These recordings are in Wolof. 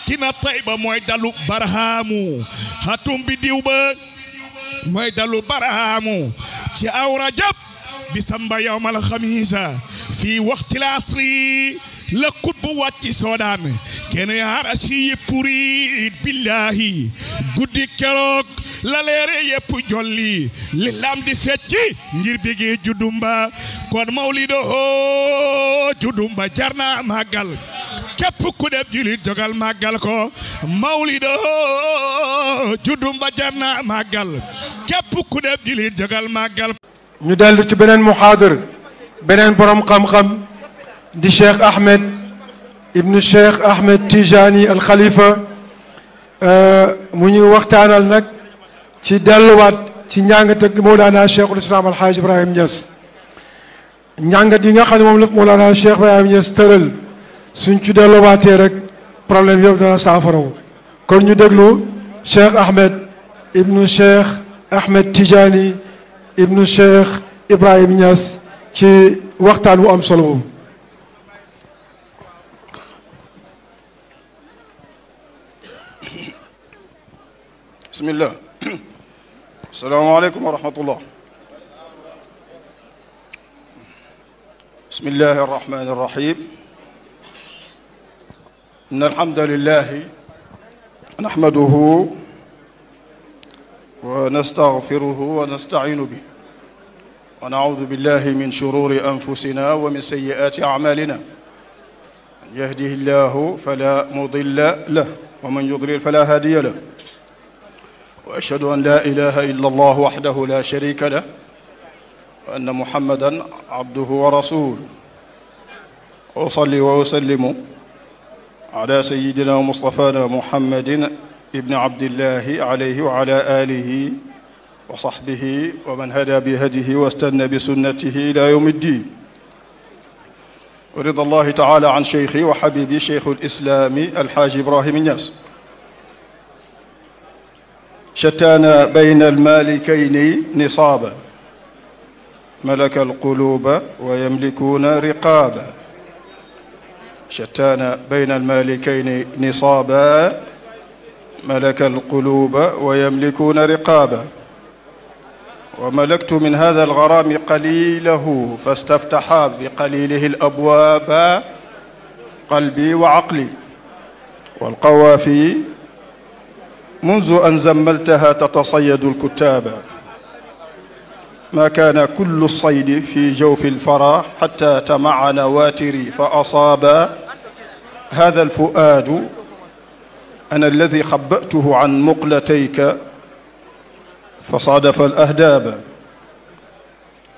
sanc na Tayba mooy dalu bi diw ba mooy dalu barhaamu ci aw rajab bisamba yawmal xamiisa fii waxtil asri la kutbu wàcci soodaan kene harasi yeppuri billahi guddi keroog la leere yeppu jolli lilam di fecci ngir bigi judumba kon mawlido judumba jarna màggal képp ku def julit jogal màggal ko mawlido juddum ba jar na màggal ku def julit jogal màggal ñu dellu ci beneen muhaadar beneen borom xam-xam di cheikh ahmed ibnu cheikh ahmed tijani al khalifa euh, mu ñuy waxtaanal nag ci delluwaat ci njàngat ak Mawlana cheikhul islam alhaaj ibrahim Niass njàngat yi nga xam ne moom la Mawlana cheikh ibrahim Niass suñ ci delloowaatee rek problème yëpp dana saafarawu kon ñu déglu Cheikh Ahmed ibnu Cheikh Ahmed Tidiane ibnu Cheikh Ibrahim Niass ci waxtaan wu am solo boobu bismillah asalaamaaleykum wa rahmatullah bismillahi arrahmani إن الحمد لله نحمده ونستغفره ونستعين به ونعوذ بالله من شرور أنفسنا ومن سيئات أعمالنا من يهده الله فلا مضل له ومن يضلل فلا هادي له وأشهد أن لا إله إلا الله وحده لا شريك له وأن محمدا عبده ورسوله أصلي وأسلم على سيدنا ومصطفانا محمد ابن عبد الله عليه وعلى آله وصحبه ومن هدى بهديه واستنى بسنته إلى يوم الدين ورضى الله تعالى عن شيخي وحبيبي شيخ الإسلام الحاج إبراهيم الناس شتان بين المالكين نصابا ملك القلوب ويملكون رقابا شتان بين المالكين نصابا ملك القلوب ويملكون رقابا وملكت من هذا الغرام قليله فاستفتحا بقليله الأبواب قلبي وعقلي والقوافي منذ أن زملتها تتصيد الكتاب ما كان كل الصيد في جوف الفرا حتى تمع نواتري فأصابا هذا الفؤاد أنا الذي خبأته عن مقلتيك فصادف الأهداب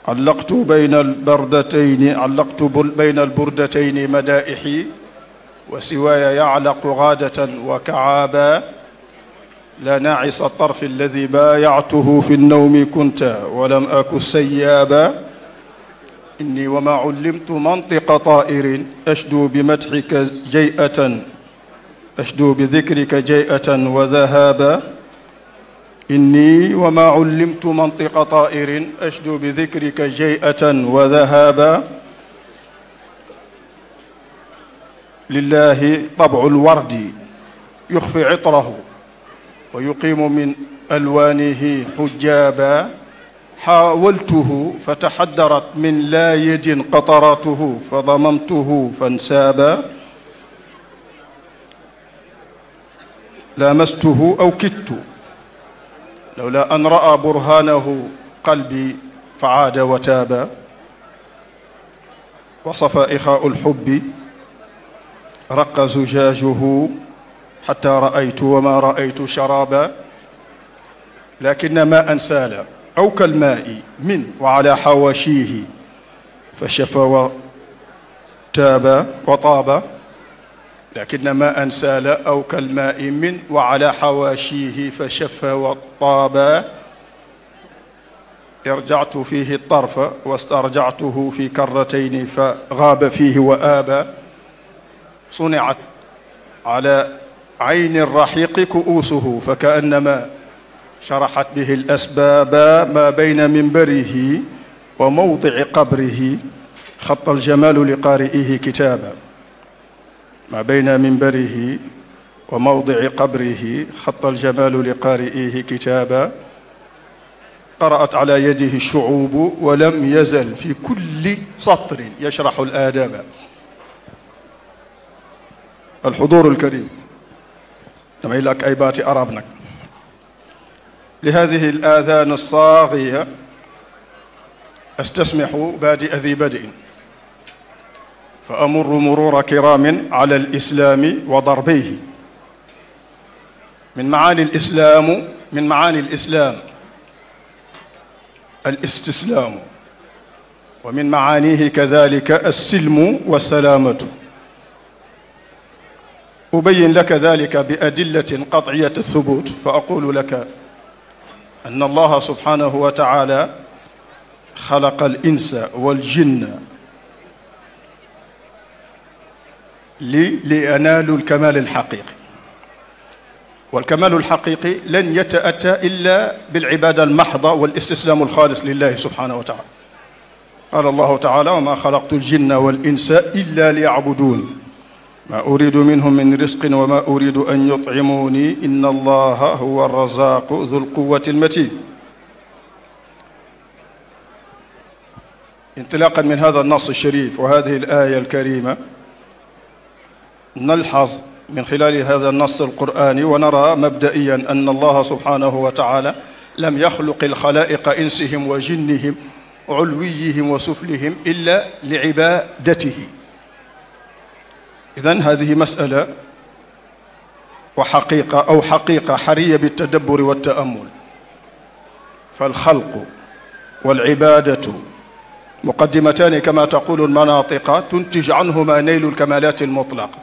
علقت بين البردتين علقت بين البردتين مدائحي وسواي يعلق غادة وكعابا لا ناعس الطرف الذي بايعته في النوم كنت ولم أك سيابا إني وما علمت منطق طائر أشدو بمدحك جيئة أشدو بذكرك جيئة وذهابا إني وما علمت منطق طائر أشدو بذكرك جيئة وذهابا لله طبع الورد يخفي عطره wa yuqimu min alwaanihi xujaaba xaawaltuhu fa taxaddarat min laa yadin qataratuhu fa damamtuhu fansaaba laamastuhu aw kittu lawla an raa burhaanahu qalbi fa aada wa taaba wasafa ixaau lxubbi raqa zujaajuhu حتى رأيت وما رأيت شرابا لكن ماء سالا أو كالماء من وعلى حواشيه فشفى وتاب وطاب لكن ماء سالا أو كالماء من وعلى حواشيه فشفى وطاب ارجعت فيه الطرف واسترجعته في كرتين فغاب فيه وآبى صنعت على عين الرحيق كؤوسه فكأنما شرحت به الأسباب ما بين منبره وموضع قبره خط الجمال لقارئه كتابا ما بين منبره وموضع قبره خط الجمال لقارئه كتابا قرأت على يده الشعوب ولم يزل في كل سطر يشرح الآداب الحضور الكريم damay làkk ay baati arab nag li hadihi al aadaan alsaagiya astasmixu baadi adi badiin fa amuru murura kiraamin ala alislaami wa darbeyhi min maani alislaamu min maani alislaam alistislaamu wa min maanihi kadalika alsilmu wa salaamatu أبين لك ذلك بأدلة قطعية الثبوت فأقول لك أن الله سبحانه وتعالى خلق الإنس والجن لينالوا الكمال الحقيقي والكمال الحقيقي لن يتأتى إلا بالعبادة المحضة والاستسلام الخالص لله سبحانه وتعالى قال الله تعالى وما خلقت الجن والإنس إلا ليعبدون ma uridu minhum min risqin wa ma uridu an yutcimuuni inna allaha huwa arrazaqu dul quwati almatin انطلاقا من هذا النص الشريف وهذه الآية الكريمة نلحظ من خلال هذا النص القرآني ونرى مبدئيا أن الله سبحانه وتعالى لم يخلق الخلائق إنسهم وجنهم علويهم وسفلهم إلا لعبادته idan hadihi masala wa xaqiqa aw xaqiqa xariya bi tadabburi wa taamul فالخلق والعبادة مقدمتان كما تقول المناطق تنتج عنهما نيل الكمالات المطلقة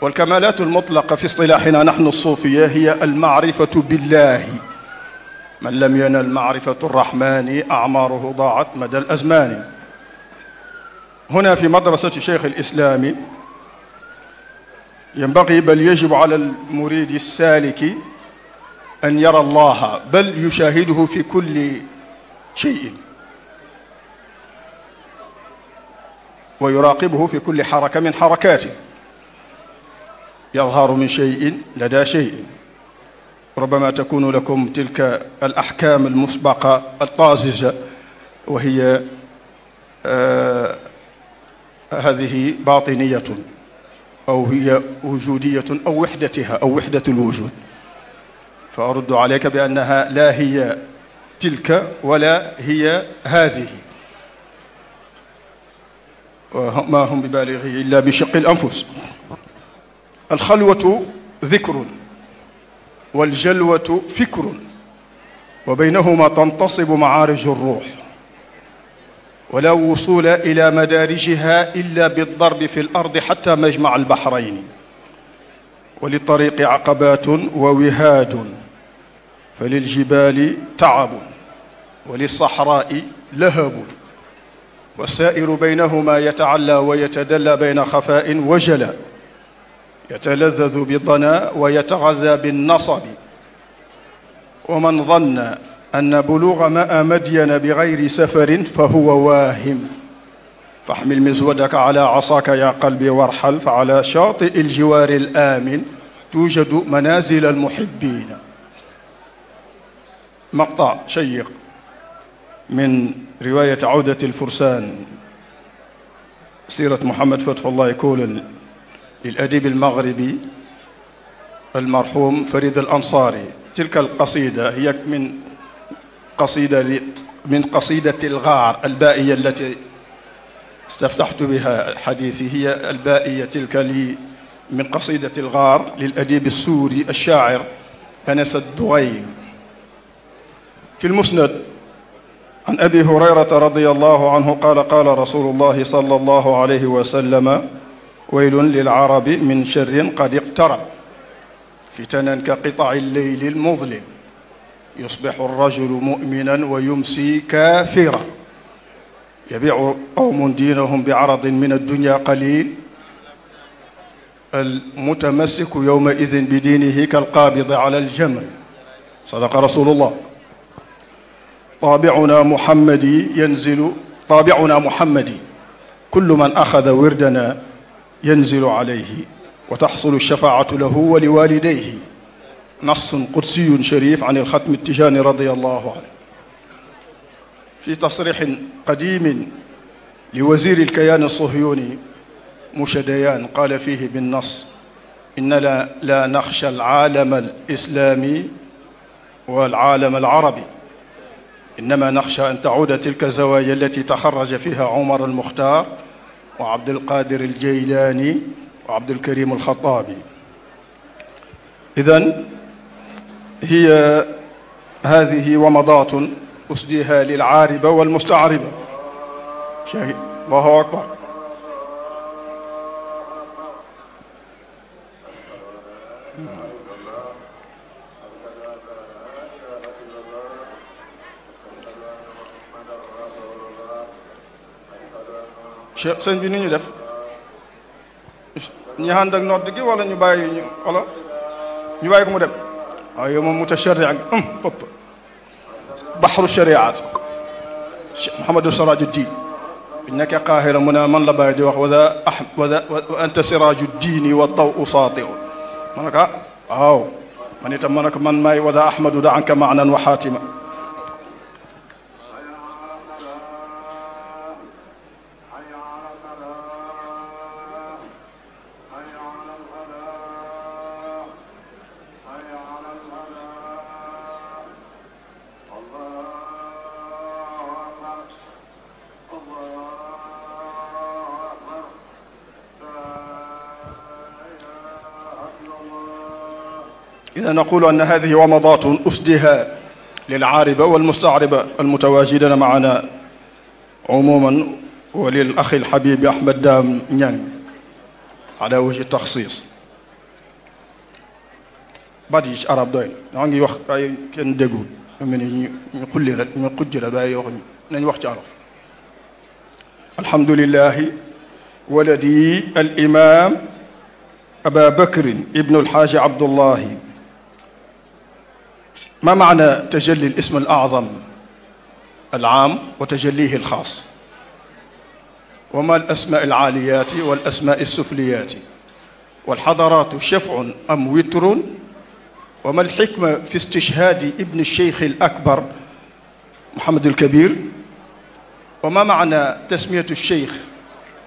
والكمالات المطلقة في اصطلاحنا نحن الصوفية هي المعرفة بالله من لم ينل معرفة الرحمن أعماره ضاعت مدى الأزمان هنا في مدرسة شيخ الإسلام ينبغي بل يجب على المريد السالك أن يرى الله بل يشاهده في كل شيء ويراقبه في كل حركة من حركاته يظهر من شيء لدى شيء ربما تكون لكم تلك الأحكام المسبقة الطازجة وهي آه هذه باطنية أو هي وجودية أو وحدتها أو وحدة الوجود فأرد عليك بأنها لا هي تلك ولا هي هذه وما هم ببالغه إلا بشق الأنفس الخلوة ذكر والجلوة فكر وبينهما تنتصب معارج الروح ولا وصول إلى مدارجها إلا بالضرب في الأرض حتى مجمع البحرين وللطريق عقبات ووهاد فللجبال تعب وللصحراء لهب والسائر بينهما يتعلى ويتدلى بين خفاء وجلاء يتلذذ بالضنا ويتغذى بالنصب ومن ظن أن بلوغ ماء مدين بغير سفر فهو واهم فاحمل مزودك على عصاك يا قلبي وارحل فعلى شاطئ الجوار الآمن توجد منازل المحبين مقطع شيق من رواية عودة الفرسان سيرة محمد فتح الله كولن للأديب المغربي المرحوم فريد الأنصاري تلك القصيدة هي من قصيدة من قصيدة الغار البائية التي استفتحت بها حديثي هي البائية تلك لي من قصيدة الغار للأديب السوري الشاعر أنس الدغيم في المسند عن أبي هريرة رضي الله عنه قال قال رسول الله صلى الله عليه وسلم ويل للعرب من شر قد اقترب فتنا كقطع الليل المظلم يصبح الرجل مؤمنا ويمسي كافرا يبيع قوم دينهم بعرض من الدنيا قليل المتمسك يومئذ بدينه كالقابض على الجمل صدق رسول الله طابعنا محمدي ينزل طابعنا محمدي كل من أخذ وردنا ينزل عليه وتحصل الشفاعة له ولوالديه nassun qudsiyun sharif an ilxatmi tijaani radiallahu anhu fi tasrixin qadimin li waziri lkayaan alsuhyuni musha dayaan qaala fihi binnas innana la naxsha alcaalam alislami والعالم العربي إنما نخشى أن تعود تلك الزوايا التي تخرج فيها عمر المختار وعبد القادر الجيلاني وعبد الكريم الخطابي إذن hiya haadihi wamadaatun usdiha lilaariba walmustaariba shahid allahu akbar sëñ bi ni ñu def ñu ànd ak nodd gi wala ñu bàyyi ñu mu dem waaw yow moom mutasharri'an am bopp baxru shariat Cheikh Mouhamadou Siraaju Diin bu ñu nekkee Qaahira mu ne man la bàyyi di wax wa za ah wa za wa anta siraaju diini wa taw saati'u ma ne ko ah waaw man itam ma ne ko man maay wa za ahmadu da anka maanan wa xaatima نقول أن هذه ومضات أسديها للعاربة والمستعربة المتواجدين معنا عموما وللأخ الحبيب أحمد دام نيان على وجه التخصيص baat yi ci arab doy na ngi wax waaye kenn déggul mu ne ñu xulli rek ñu xujj rek waaye waxuñu nañ wax ci arab alhamdulilahi waladi al imam aba bakrin ibnu alxaaji abdullahi ما معنى تجلي الاسم الأعظم العام وتجليه الخاص وما الأسماء العاليات والأسماء السفليات والحضرات شفع أم وتر وما الحكمة في استشهاد ابن الشيخ الأكبر محمد الكبير وما معنى تسمية الشيخ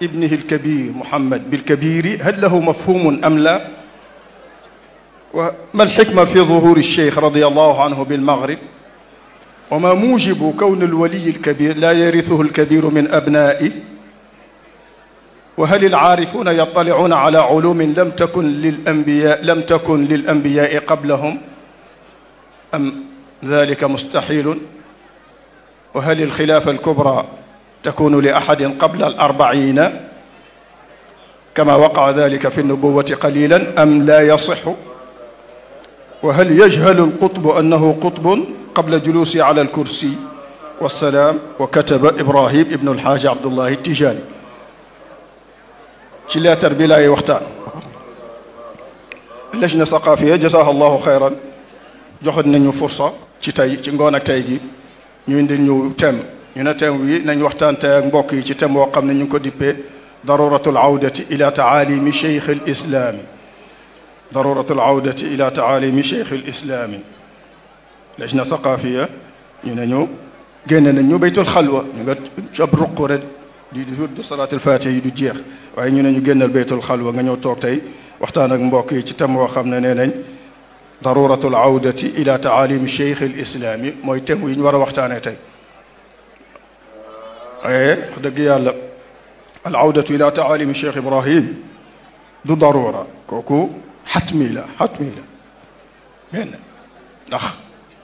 ابنه الكبير محمد بالكبير هل له مفهوم أم لا؟ وما الحكمة في ظهور الشيخ رضي الله عنه بالمغرب وما موجب كون الولي الكبير لا يرثه الكبير من أبنائه وهل العارفون يطلعون على علوم لم تكن للأنبياء لم تكن للأنبياء قبلهم أم ذلك مستحيل وهل الخلافة الكبرى تكون لأحد قبل الأربعين كما وقع ذلك في النبوة قليلا أم لا يصح وهل يجهل القطب أنه قطب قبل جلوسه على الكرسي والسلام وكتب إبراهيم ابن الحاج عبد الله التجاني ci leetar bi laay waxtaan lajna saqaafiya jasaha allahu xayran joxoon nañu fursa ci tey ci ngoon ak tey gi ñu indi ñu thème ñu ne thème wi nañ waxtaan tey ak mbokk yi ci thème woo xam ne ñu ngi ko dippee daruratul awdati ila taalimi cheikh al islaami darurat alawdati ila taalimi cheikh lislaami lajna saqaafiya ñu ne ñu génne nañ ñu baytul xalwa ñu nga ci ab ruq rek di du salaatul fatiha yi du jeex waaye ñu ne ñu génnal baytul xalwa nga ñëw toog tey waxtaan ak mbokk yi ci tem woo xam ne nee nañ daruratu l awdati ila taalimi cheikh lislaam yi mooy tem yi ñu war a waxtaanee tey waaye wax dëgg yàlla al awdatu ila taalimi cheikh ibrahim du darura kooku xatmi la xatmi la benn ndax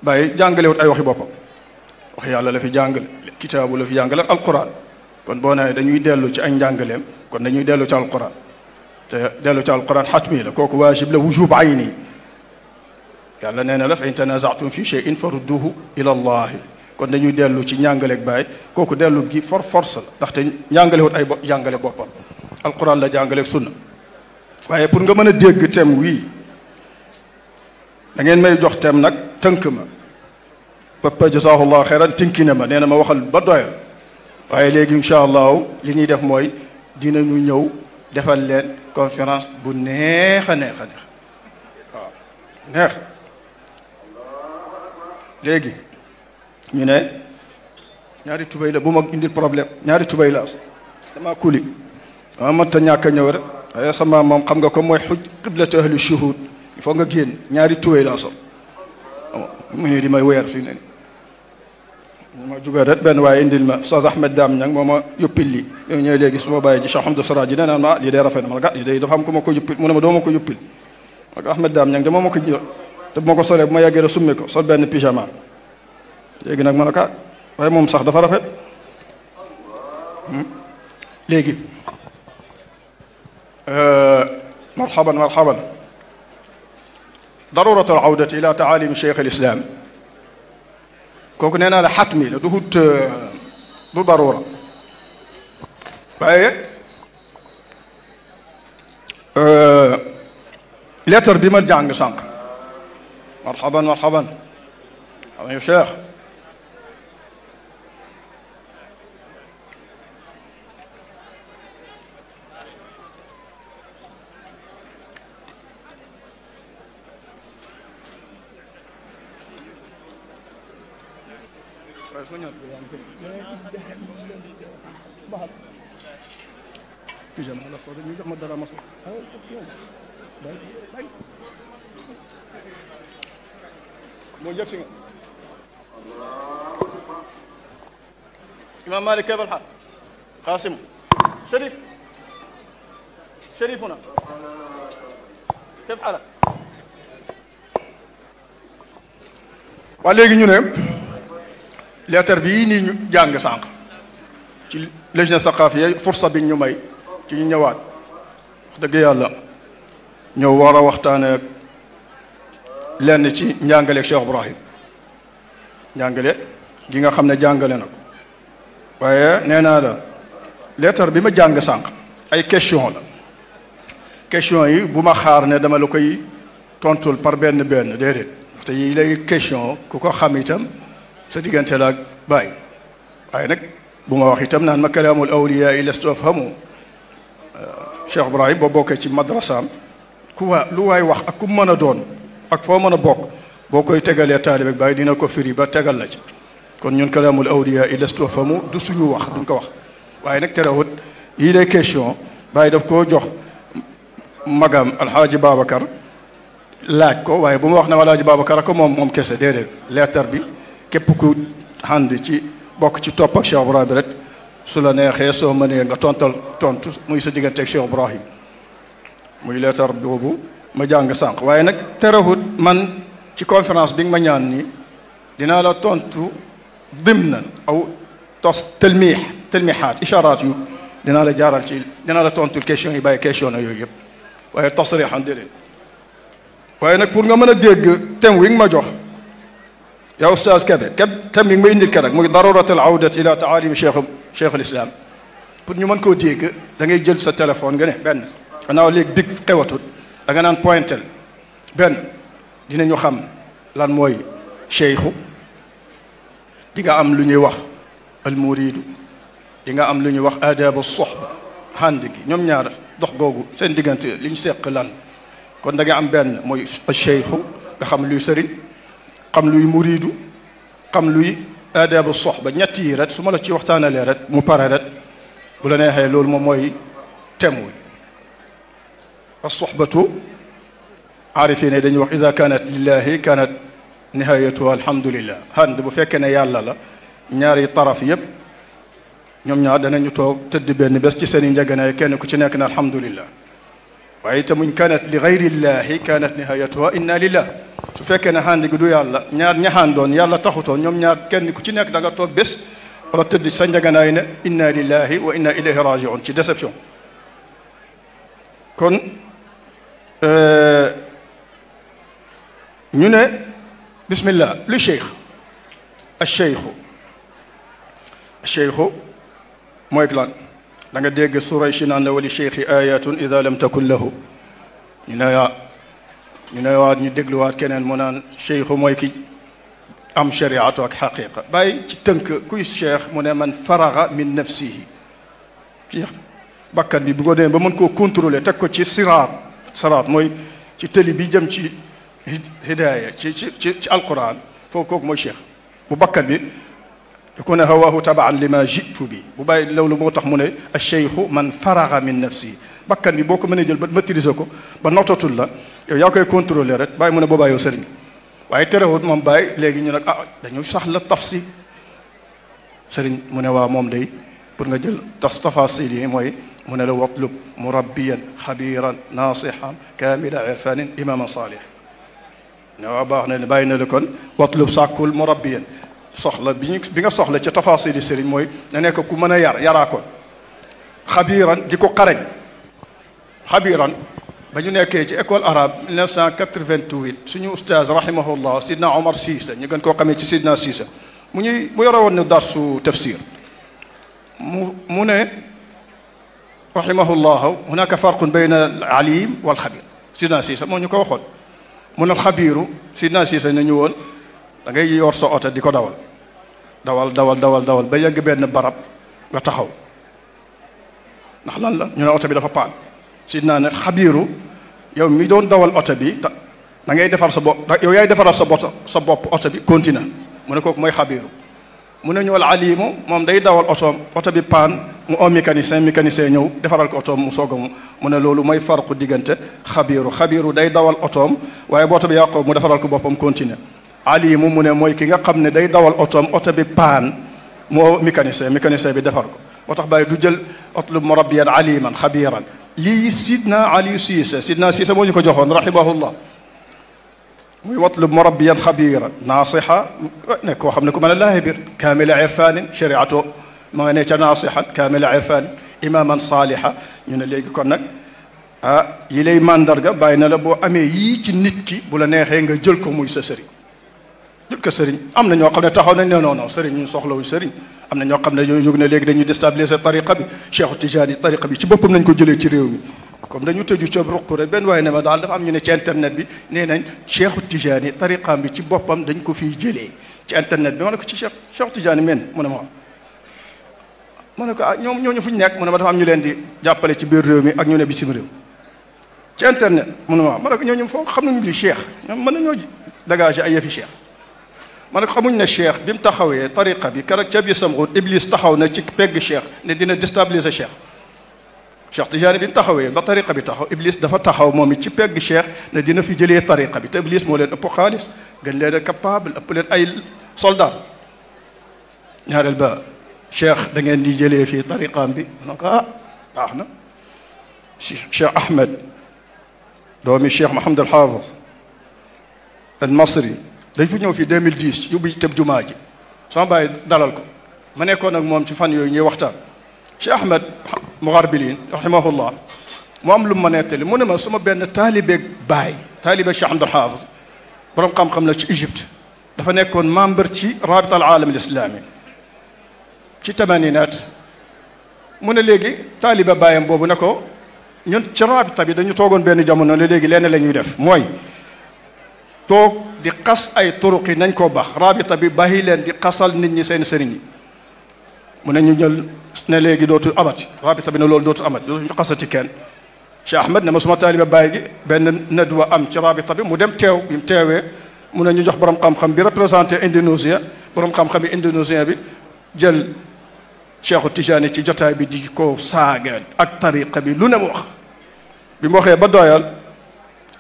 bàyyi jàngalewut ay waxi boppam wax yàlla la fi jàngale kitaabu la fi jàngale alquran kon boo nee dañuy dellu ci ay njàngaleem kon dañuy dellu ci alquran te dellu ci alquran xatmi la kooku waajib la wujub ayni yàlla nee na la fa in tanazaatum fi shay'in farudduhu ila allahi kon dañuy dellu ci njàngaleeg baay kooku dellu gi for force la ndaxte njàngalewut ay jàngale boppam alquran la jàngaleeg sunna waaye pour nga mën a dégg thème wii dangeen ngeen may jox thème nag tënk ma papa jazaahullah xeyran tënki na ma nee na ma waxal ba doyal waaye léegi incha allahu li ñuy def mooy dinañu ñëw defal leen conférence bu neex a neex a neex léegi ñu ne ñaari tubay la bu ma indil problème ñaari tubay la dama kuli waaw man ñàkk a rek waaye sama moom xam nga ko mooy xuj qiblatu ahli shuhud il faut nga génn ñaari tuwee laa sol oh, mu ñu di may weer fii ne ma jóge rek benn waaye indil ma Oustaz Ahmed Dame ñang moo ma yuppil li yow ñëw léegi su ma bàyyi ji Cheikh Hamdou Sara ji nee ah lii rafet na ma ga ah, lii day dafa am ku ma ko yuppil mu ne ma doo ma ko yuppil ma ko Ahmed Dame ñang ko sole te bu ma ko solee bu ko sol benn pyjama léegi nag ma ne ko ah, moom sax dafa rafet hmm? léegi مرحبا مرحبا ضرورة العودة naa la xat mi la du xut du daruura waaye bi ma jàng sànq marhaban marhaban am cheikh pyjama la sol ñu jox ma dara ma sol bay ah, moo njëkk si nga imam malik kayfa alxaal qasim sharif sharifuna kayfa xaalak waa léegi ñu ne leetar bi yii nii ñu jàng sànq ci lajna saqaafiya fursa bi ñu may ci ñu ñëwaat dëgg yàlla ñëw war a waxtaanee lenn ci njàngale Cheikh Ibrahim njàngale gi nga xam ne jàngale na waaye nee naa la leetar bi ma jàng sànq ay question la question yi bu ma xaar ne dama la koy tontul par benn benn déedéet te yi lay question ku ko xam itam sa diggante la ak bàyyi waaye nag bu ma wax itam naan ma kalaamul awliyaa yi lestu afhamu Cheikh Ibrahim boo bokkee ci madrasaam ku waa lu waay wax ak ku mën a doon ak foo mën a bokk boo koy tegalee taalibe bàyyi dina ko firi ba tegal la ci kon ñun kalaamul awliya yi lestofamo du dusuñu wax duñ ko wax waaye nag terewut yii lay question bàyyi daf koo jox magam alxaaji Babacar laaj ko waaye bu mu wax ne alxaaji Babacar ko moom moom kese déedéet leetar bi képp ku ànd ci bokk ci topp ak Cheikh rek su la neexee soo mënee nga tontal tontu muy sa digganteeg Cheikh Ibrahim muy leetar boobu ma jàng sànq waaye nag terewut man ci conférence bi nga ma ñaan ni dinaa la tontu dimnan aw tos telmiix telmiixaat isharaat yu dinaa la jaaral ci dinaa la tontu question yi bay question na yooyu yëpp waaye tasrixan déedéet waaye nag pour nga mën a dégg thème wi nga ma jox yaa oustaz Kebe kat thème yi nga ma indil keroog muy daruratul awdat ila taalim Cheikh cheikhul islam pour ñu mën koo dégg da ngay jël sa téléphone nga ne benn gannaaw léegi big xewatut da nga naan pointel benn dinañu xam lan mooy cheikhu dinga am lu ñuy wax almuridu di nga am lu ñuy wax adabu soxba hànd gi ñoom ñaar dox googu seen diggante li ñu seq lan kon da am benn mooy cheikhu nga xam luy sëriñ xam luy muridu xam luy aadaabu soxba ñett yi ret su ma la ci waxtaanalee ret mu pare ret bu la neexee loolu moom mooy tem wi as soxbatu aarifin yi dañuy wax ida kanat lillahi kanat nihayatuha alhamdulillah hand bu fekkee ne yàlla la ñaari taraf yëpp ñoom ñaar danañu toog tëdd benn bés ci seen i njëganaay kenn ku ci nekk na alhamdulillah waaye tamuñ kanat li gayrillahi kanat nihayatuha inna lillah su fekkee ne xaandi gi du yàlla ñaar ñaxaandoon yàlla taxutoon ñoom ñaar kenn ku ci nekk da nga toog bés wala tëdd sa njaganaay ne inna lillahi wa inna ilayhi rajiun ci déception kon euh, ñu ne bismillah lu cheikh acheikhu acheikhu mooy lan da nga dégg suray wali cheikhi ayatun ida lam takun lahu ñu ne waat ñu dégluwaat keneen mu naan cheikhu mooy ki am shariatu ak xaqiqa bàyyi ci tënk kuy cheikh mu ne man faraga min nafsihi cheikh bakkan bi bu ko demee ba mën koo contrôler teg ko ci siraat siraat mooy ci tëli bi jëm ci hidaaya ci ci ci alquran foofu kooku bu bakkan bi yakuna hawaahu tabaan li ma jitu bi bu bàyyi loolu moo tax mu ne acheikhu man faraga min nafsi bakkan bi boo ko mënee jël ba maîtriser ko ba notatul la yow yaa koy contrôler rek bàyyi mu ne boobaa yow sëriñ waaye terewut moom bàyyi léegi ñu nag ah dañu saxla tafsi sëriñ mu ne waa moom day pour nga jël tas tafasil yi mooy mu ne la watlub murabbiyan xabiran naasihan kaamila irfanin imama saalih ne waa baax na bàyyi na la kon watlub sàkkul murabbiyan soxla bi ñu bi nga soxla ci tafaasili sëriñ mooy na nekk ku mën a yar yaraa ko xabiiran di ko xarañ xabiiran ba ñu nekkee ci école arabe 1988 suñu oustaz rahimahullah sidna omar siisa ñu gën koo xamee ci sidna siisa mu ñuy mu yore woon ne darsu tafsir mu mu ne rahimahullah hunaka farqun bayna al alim wal xabir sidna siisa moo ñu ko waxoon mu ne xabiiru sidna siisa nañu woon da ngay yor sa oto di ko dawal dawal dawal dawal dawal ba yegg benn barab nga taxaw ndax lan la ñu ne oto bi dafa paan si naa ne xabiiru yow mi doon dawal oto bi da ngay defar sa bopp yow yaay defaral sa bopp sa bopp oto bi continue mu ne kooku mooy xabiiru mu ne ñëwal alimu moom day dawal oto oto bi paan mu oo mécanicien mécanicien ñëw defaral ko otoom mu soog a mu mu ne loolu mooy farqu diggante xabiiru xabiiru day dawal otoom waaye boo oto bi yàqoo mu defaral ko boppam continue alimu mu ne mooy ki nga xam ne day dawal otoom oto bi paan moo mécanicien mécanicien bi defar ko moo tax bàyyi du jël otlub murabbiyan aliman xabiran lii sidna ali siise sidna siise moo ñu ko joxoon rahimahullah muy watlub murabbiyan xabiran naasiha nekk koo xam ne ku mën a laahibir kaamila irfanin shariato ma nga ne ca naasihan kaamila irfanin imaman saaliha ñu ne léegi kon nag ah yi bàyyi na la boo amee yii ci nit bu la neexee nga jël ko muy sa jël ko sëriñ am na ñoo xam ne taxaw nañ ne non non sëriñ ñun soxlawuñ sëriñ am na ñoo xam ne ñoo jóg ne léegi dañuy déstabiliser tariqa bi Cheikhu Tijaani tariqa bi ci boppam ko jëlee ci réew mi dañu tëju coob ruqure benn waaye ne ma daal dafa am ñu ne ci internet bi nee nañ Cheikhu Tijaani tariqaam bi ci boppam dañ ko fiy jëlee ci internet bi ma ne ko ci Cheikh Cheikhu Tijaani men mu ne ma ma ne ko ah ñoom ñooñu fu ñu nekk mu ne ma dafa am ñu leen di jàppale ci biir réew mi ak ñu ne bitim réew ci internet mu ne ma ma ne ko ñooñu foo xam nañu li Cheikh ñoom mën nañoo dégagé a yëfi Cheikh ma ne ko xamuñ ne cheikh bi mu taxawee tariqa bi keroog ca biir Sam'ud Iblis taxaw na ci pegg cheikh ne dina déstabiliser cheikh. cheikh Tijaani bi mu taxawee ba tariqa bi taxaw Iblis dafa taxaw moom it ci pegg cheikh ne dina fi jëlee tariqa bi te Iblis moo leen ëpp xaalis gën leen a capable ëpp leen ay soldat ñaareel ba cheikh da ngeen di jëlee fii tariqaam bi ma ne ko ah baax na cheikh Ahmed doomi cheikh Mahamad al Haafid al Masri dañ fi ñëw fii 2010 yóbbu tëb jumaa ji sama bàyyi dalal ko ma nekkoon ak moom ci fan yooyu ñuy waxtaan Cheikh Ahmed Mugharbilin rahimahullah mu am lu ma nettali mu ne ma suma benn taalibeeg baay taalibeeg Cheikh Abdul Haafis borom xam-xam la ci Égypte dafa nekkoon membre ci rabita al aalam ci tamaninat mu ne léegi taaliba baayam boobu ne ko ñun ci rabita bi dañu toogoon benn jamono la léegi lenn la ñuy def mooy toog di xas ay turuq yi nañ koo baax rabita bi bàyyi leen di xasal nit ñi seeni sëriñ yi mu ne ñu jël ne léegi dootu amati rabita bi na loolu dootu amati dootu ñu xasati kenn Cheikh Ahmed ne ma suma taaliba bàyyi gi benn na nadwa am ci rabita bi mu dem teew bi mu teewee mu ne ñu jox borom xam-xam bi représenté Indonésie borom xam-xam yi bi jël Cheikhu Tijaani ci jotaay bi di ko saaga ak tariqa bi lu ne mu wax bi mu waxee ba doyal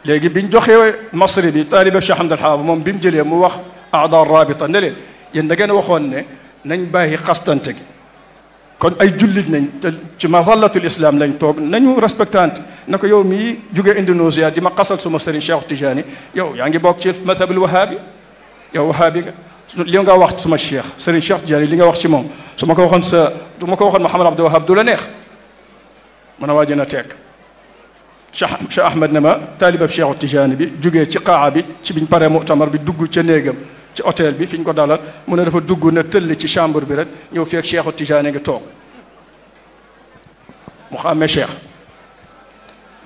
léegi biñ joxee masri bi taalibe Cheikh Hamdal Haaba moom bi mu jëlee mu wax aada rabita ne leen yéen da ngeen waxoon ne nañ bàyyi xastante gi kon ay jullit nañ te ci mazallatul islam nañ toog nañu respectante na ko yow mii jóge Indonésia di ma xasal suma sëriñ Cheikh Tijaani yow yaa ngi bokk ci mazhabul wahabi yow wahabi nga li nga wax suma cheikh sëriñ Cheikh Tijaani li nga wax ci moom su ma ko waxoon sa du ma ko waxoon Mouhamed Abdou Wahab du la neex mën a waaj na tek Cheikh Cheikh Ahmed ne ma taalibab Cheikhu Tijaani bi jugee ci qaa bi ci biñ paree mutamar bi dugg ca néegam ci hôtel bi fi ñu ko dalal mu ne dafa dugg na tëll ci chambre bi rek ñëw feek Cheikhu Tijaani nga toog mu xàmmee Cheikh.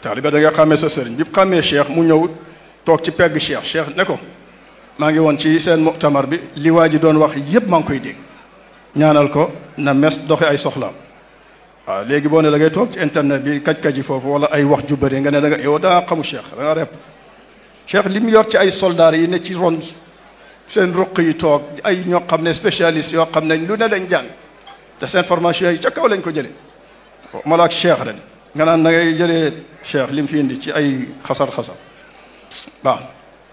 taaliba da nga xàmmee sa sëriñ bi mu xàmmee Cheikh mu ñëw toog ci pegg Cheikh Cheikh ne ko maa ngi woon ci seen mutamar bi li ji doon wax yépp maa ngi koy dégg ñaanal ko na mes doxe ay soxlaam. waaw léegi boo ne da ngay toog ci internet bi kaj-kaj yi foofu wala ay wax ju bëri nga ne danga nga yow daa xamu cheikh da nga repp li mu yor ci ay soldaar yi ne ci ron seen ruq yi toog ay ñoo xam ne spécialiste yoo xam ne lu ne lañ jàng te seen formation yi ca kaw lañ ko jëlee malaak cheikh ren nga naan da ngay jëlee cheikh li mu fi indi ci ay xasar-xasar waaw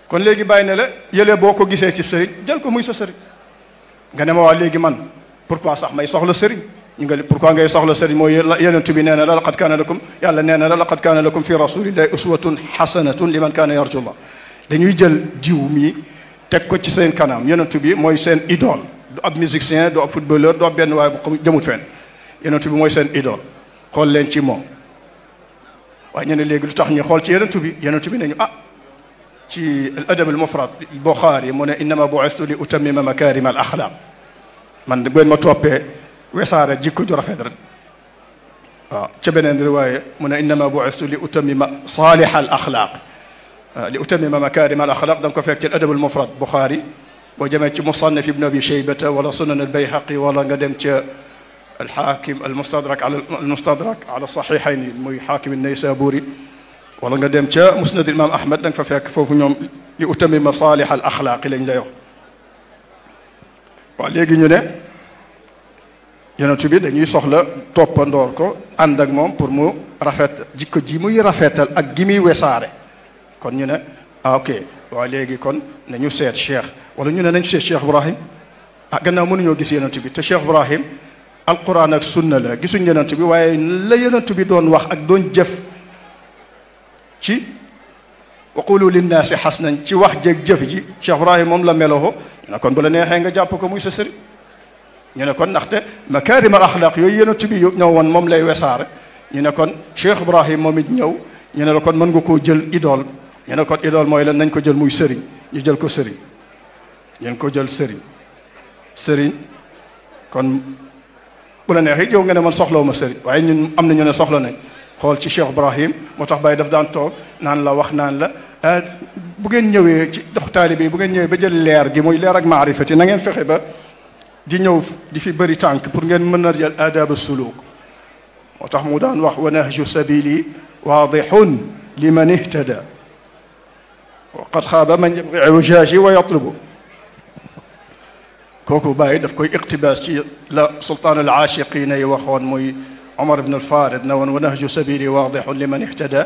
kon léegi bàyyi ne la yëlee boo ko gisee ci sëriñ jël ko muy sa sëriñ nga ne ma waa léegi man pourquoi sax may soxla sëriñ ñu nga pourquoi ngay soxla sëriñ mooy yonent bi nee na la laqad kaana lakum yàlla nee na la laqad kaana lakum fi rasulillahi uswatun xasanatun liman kaana yarjullah dañuy jël diw mi teg ko ci seen kanam yonent bi mooy seen idole du ab musicien du ab footballeur du ab benn waaye bu xam jëmut fenn yonent bi mooy seen idole xool leen ci moom waaye ñu ne léegi lu tax ñu xool ci yonent bi yonent bi nañu ah ci al adab al mufrad Buxaari mu ne innama bu'istu li utammima makarima al axlaq man bu ngeen ma toppee wesaare jikko ju rafet rek waaw ca beneen riwaaya mu ne innama bu'istu li utammima saalih al axlaaq li utammima makarim al axlaaq da nga ko fekk ci adabul mufrad Buxaari boo jëmee ci musannaf ibn abi shaybata wala sunan al bayhaqi wala nga dem ca al xaakim al mustadrak ala al mustadrak ala saxiixayn yi muy xaakim naysaburi wala nga dem ca musnad imam ahmad da nga fa fekk foofu ñoom li utammima saalih al axlaaq lañ lay wax waaw léegi ñu ne yonent bi dañuy soxla toppandoor ko ànd ak moom pour mu rafet jikko ji muy rafetal ak gi muy wesaare kon ñu ne ah ok waaye léegi kon nañu seet cheikh wala ñu ne nañ seet cheikh Ibrahim ah gannaaw mënuñoo gis yonent bi te cheikh Ibrahim alquran ak sunna la gisuñ yonent bi waaye la yonent bi doon wax ak doon jëf ci waqulu linnaasi xasnan ci wax jeeg jëf ji cheikh Ibrahim moom la meloo ñu ne kon bu la neexee nga jàpp ko muy sa ñu ne kon ndaxte makarim al axlaq yooyu yonent bi ñëw woon moom lay wesaare ñu ne kon Cheikh Ibrahim moom it ñëw ñu ne la kon mën nga koo jël idole ñu ne kon idole mooy lan nañ ko jël muy sëriñ ñu jël ko sëriñ ñu ko jël sëriñ sëriñ kon bu la neexee yow nga ne man soxlawu ma sëriñ waaye ñun am na ñu ne soxla nañ xool ci Cheikh Ibrahim moo tax Baye def daan toog naan la wax naan la ah, bu ngeen ñëwee ci dox taalibe bu ngeen ñëwee ba jël leer gi muy leer ak maarifati na ngeen fexe ba. di ñëw di fi bëri tànk pour ngeen mën a jël aadaaba suluk moo tax mu daan wax wa nahju sabili waadihun liman ihtada wa qad xaaba man yabgi ujaaji wa yatlubu kooku bàyyi daf koy iqtibaas ci la sultaan al aachiqina yi waxoon muy Omar ibn al-Farid na woon wa nahju sabili waadihun liman ihtada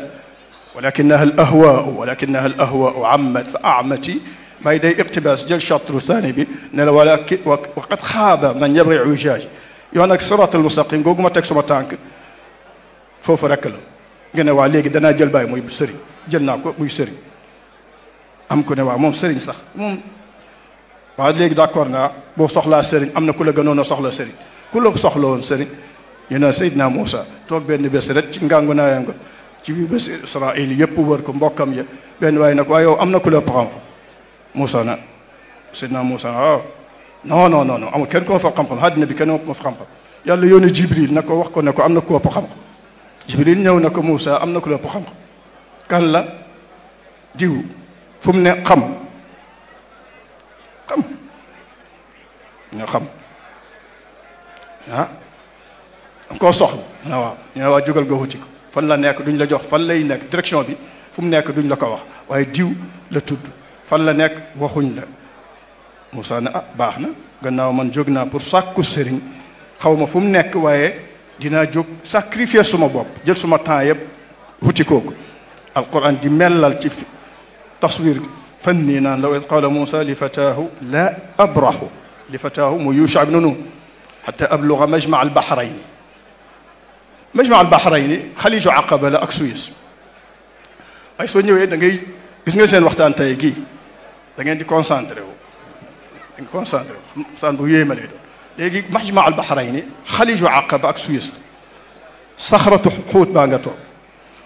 walakinaha al ahwaau walakinaha al ahwaau ammat fa amati may day iqtibaas jël charte saani bi ne la wala ki wa waqat xaaba man yabri ujaaj yoon ak siraatal mustaqim googu ma teg sama tànk foofu rek la waa léegi danaa jël baay muy sëriñ jël naa ko muy sëriñ am ku ne waa moom sëriñ sax moom waa léegi d'accord naa boo soxlaa sëriñ am na ku la gënoon a soxla sëriñ ku la soxla woon sëriñ ñu ne Seydina Moussa toog benn bés rek ci ngangu ci biir bés Israël yëpp wër ko mbokkam ya benn waaye nag waaye yow am na ku la prendre Moussa na Seydina Moussa waaw non non non amul kenn ku ma fa xam-xam àddina bi kenn ku ma fa xam-xam yàlla yónni Jibril na ko wax ko ne ko am na koo ëpp xam-xam Jibril ñëw na ko Moussa am na ku ëpp xam-xam kan la diw fu mu ne xam xam nga xam ah koo soxla na waaw ñu ne waa jógal nga wuti fan la nekk duñ la jox fan lay nekk direction bi fu mu nekk duñ la ko wax waaye diw la tudd fan la nekk waxuñ la Moussa ne ah baax na gannaaw man jóg naa pour sàkku sëriñ xaw ma fu mu nekk waaye dinaa jóg sacrifier suma bopp jël suma temps yëpp wuti kooku alquran di mellal ci taswir fan nii naan law id qaala Moussa li fataahu la abrahu li fataahu mu Yuusha ibnu Nun xata abluga majma albahrayni majma albahrayni xaliiju aqaba la ak Suez soo ñëwee da gis nga seen waxtaan tey gi da ngeen di concentré wu da ngeen concentré wu léegi majma al bahrayni xaliju aqaba ak Suez la saxratu xuut baa nga toog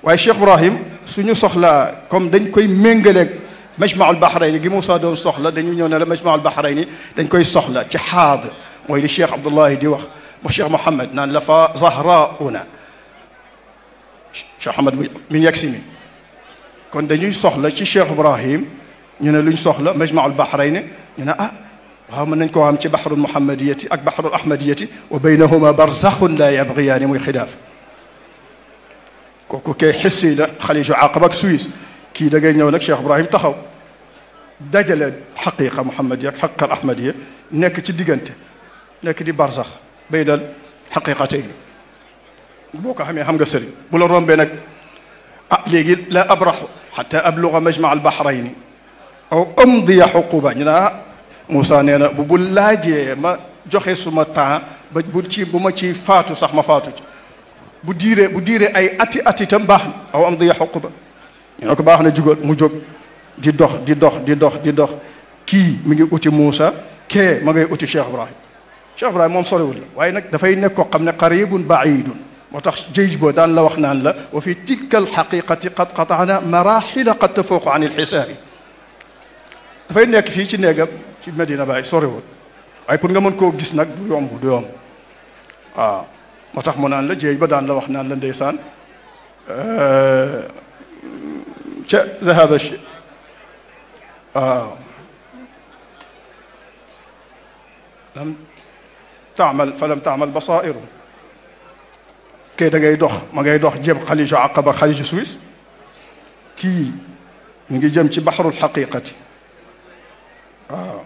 waaye Cheikh Ibrahim suñu soxla comme dañ koy méngaleeg majma al bahrayni gi Moussa doon soxla dañu ñëw ne la majma al bahrayni dañ koy soxla ci xaad mooy li Cheikh Abdullahi di wax bu Cheikh Mouhamed naan la fa zahrauna Cheikh Ahmad mi yegg mi kon dañuy soxla ci Cheikh Ibrahim ñu ne luñ soxla majmaul bahrayni ñu ne ah waaw mën nañ koo am ci bahrul muhammadiyati ak bahrul ahmadiyati wa baynahuma barzaxun laa yabgiyaani muy xidaaf kooku kay xissi la xaliju aqaba ak Suisse kii da ngay ñëw nag Cheikh Ibrahim taxaw dajale xaqiqa muhammadiya ak xaqiqa ahmadiya nekk ci diggante nekk di barzax baynal xaqiqatayn boo ko xamee xam nga sëriñ bu la rombee nag ah léegi la abraxu xata abluga majma al bahrayni aw amdiya xuquba ñu naa ah, Moussa nee na bu bu laajee ma joxe suma temps ba bu ci bu ma ci faatu sax ma faatu ci bu diiree bu diiree ay ati ati itam baax na aw amdiya xuquba ñu ne ko baax na jugal mu jóg di dox di dox di dox di dox kii mi ngi uti Moussa kee ma ngay uti Cheikh Ibrahim Cheikh Ibrahim moom soriwul la waaye nag dafay nekk koo xam ne qaribun baidun moo tax jëyj boo daan la wax naan la wa fi tilka alxaqiqati qad qataana marahila qad tafooqu an ilxisaabi dafay nekk fii ci néegam ci Medina Baay sorewut waaye pour nga mën koo gis nag du yomb du yomb waaw moo tax mu naan la jëyj ba daan la wax naan la ndeysaan ca zahaba waaw lam taamal fa lam taamal basairu kee da ngay dox ma ngay dox jëm xaliju aqaba xaliju Suisse kii mi ngi jëm ci baxarul xaqiqati waaw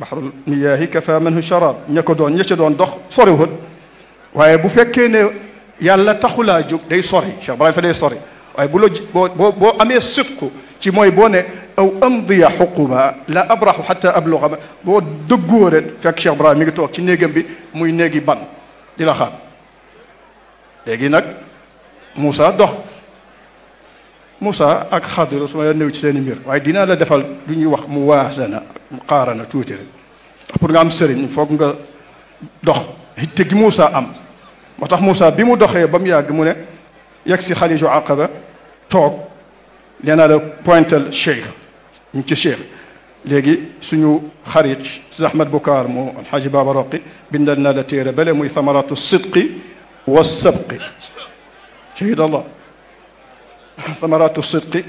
baxarul miyaahi kafa manhu sharab ña doon doon dox soriwut waaye bu fekkee ne yàlla taxulaa jóg day sori Cheikh Ibrahima fa day sori waaye bu la boo boo boo amee sidqu ci mooy boo ne aw amdiya xuquba la abraxu xata abluga boo dëggoo rek fekk Cheikh Ibrahima mi ngi toog ci néegam bi muy néegi ban di la xaar léegi nag Moussa dox Moussa ak Xadir su ma la néew ci seen mbir waaye dinaa la defal lu ñuy wax mu waasana mu xaarana tuuti rek pour nga am sëriñ foog nga dox hitte gi am moo tax Moussa bi mu doxee ba mu yàgg mu ne yegg si xaliisu Aqaba toog nee naa la pointel Cheikh ñu ngi ci Cheikh léegi suñu xarit Ahmed Boucar mu alxaaji Baba Roqi bindal naa la téere bale muy Samaratu Sidqi والسبق شهد الله ثمرات الصدق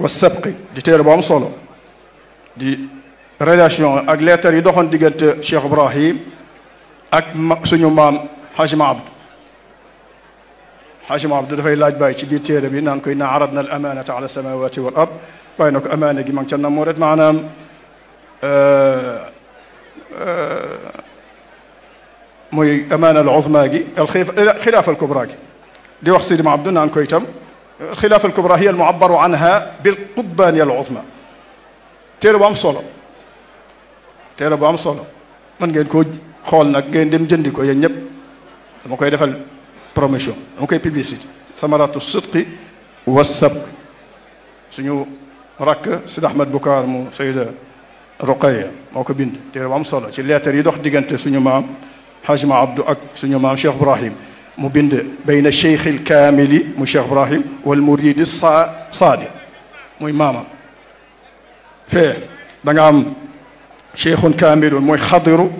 والسبق di téere bu am solo di relation ak leetar yi doxoon diggante Cheikh Ibrahim ak suñu maam Haji Maabdu Haji Maabdu dafay laaj bàyyi ci biir téere bi naan koy na aradna al amanata ala samawati wal ard waaye na ko amaana gi ma ngi ca namoo ret maanaam euh, euh, muy amaana al uzma al xilaafa di wax Sidi Abdou naan ko itam xilaafa al kubra hiya al mu'abbaru anha bil qubbaaniya al uzma téere bu am solo téere bu am solo mën ngeen koo xool nag ngeen dem jëndi ko yéen ñëpp dama koy defal promotion dama koy publicité samaratu sidqi wa sabr suñu rakk Sidi Ahmed Bukaar mu Sayida Ruqaya moo ko bind téere bu am solo ci leetar yi dox diggante suñu maam xajma abdou ak suñu maam cheikh ibrahim mu bind bayna cheikh il kaamili mu cheikh ibrahim wal muridi sa saadi muy maamam fee da nga am cheikhun kaamilun mooy xadiru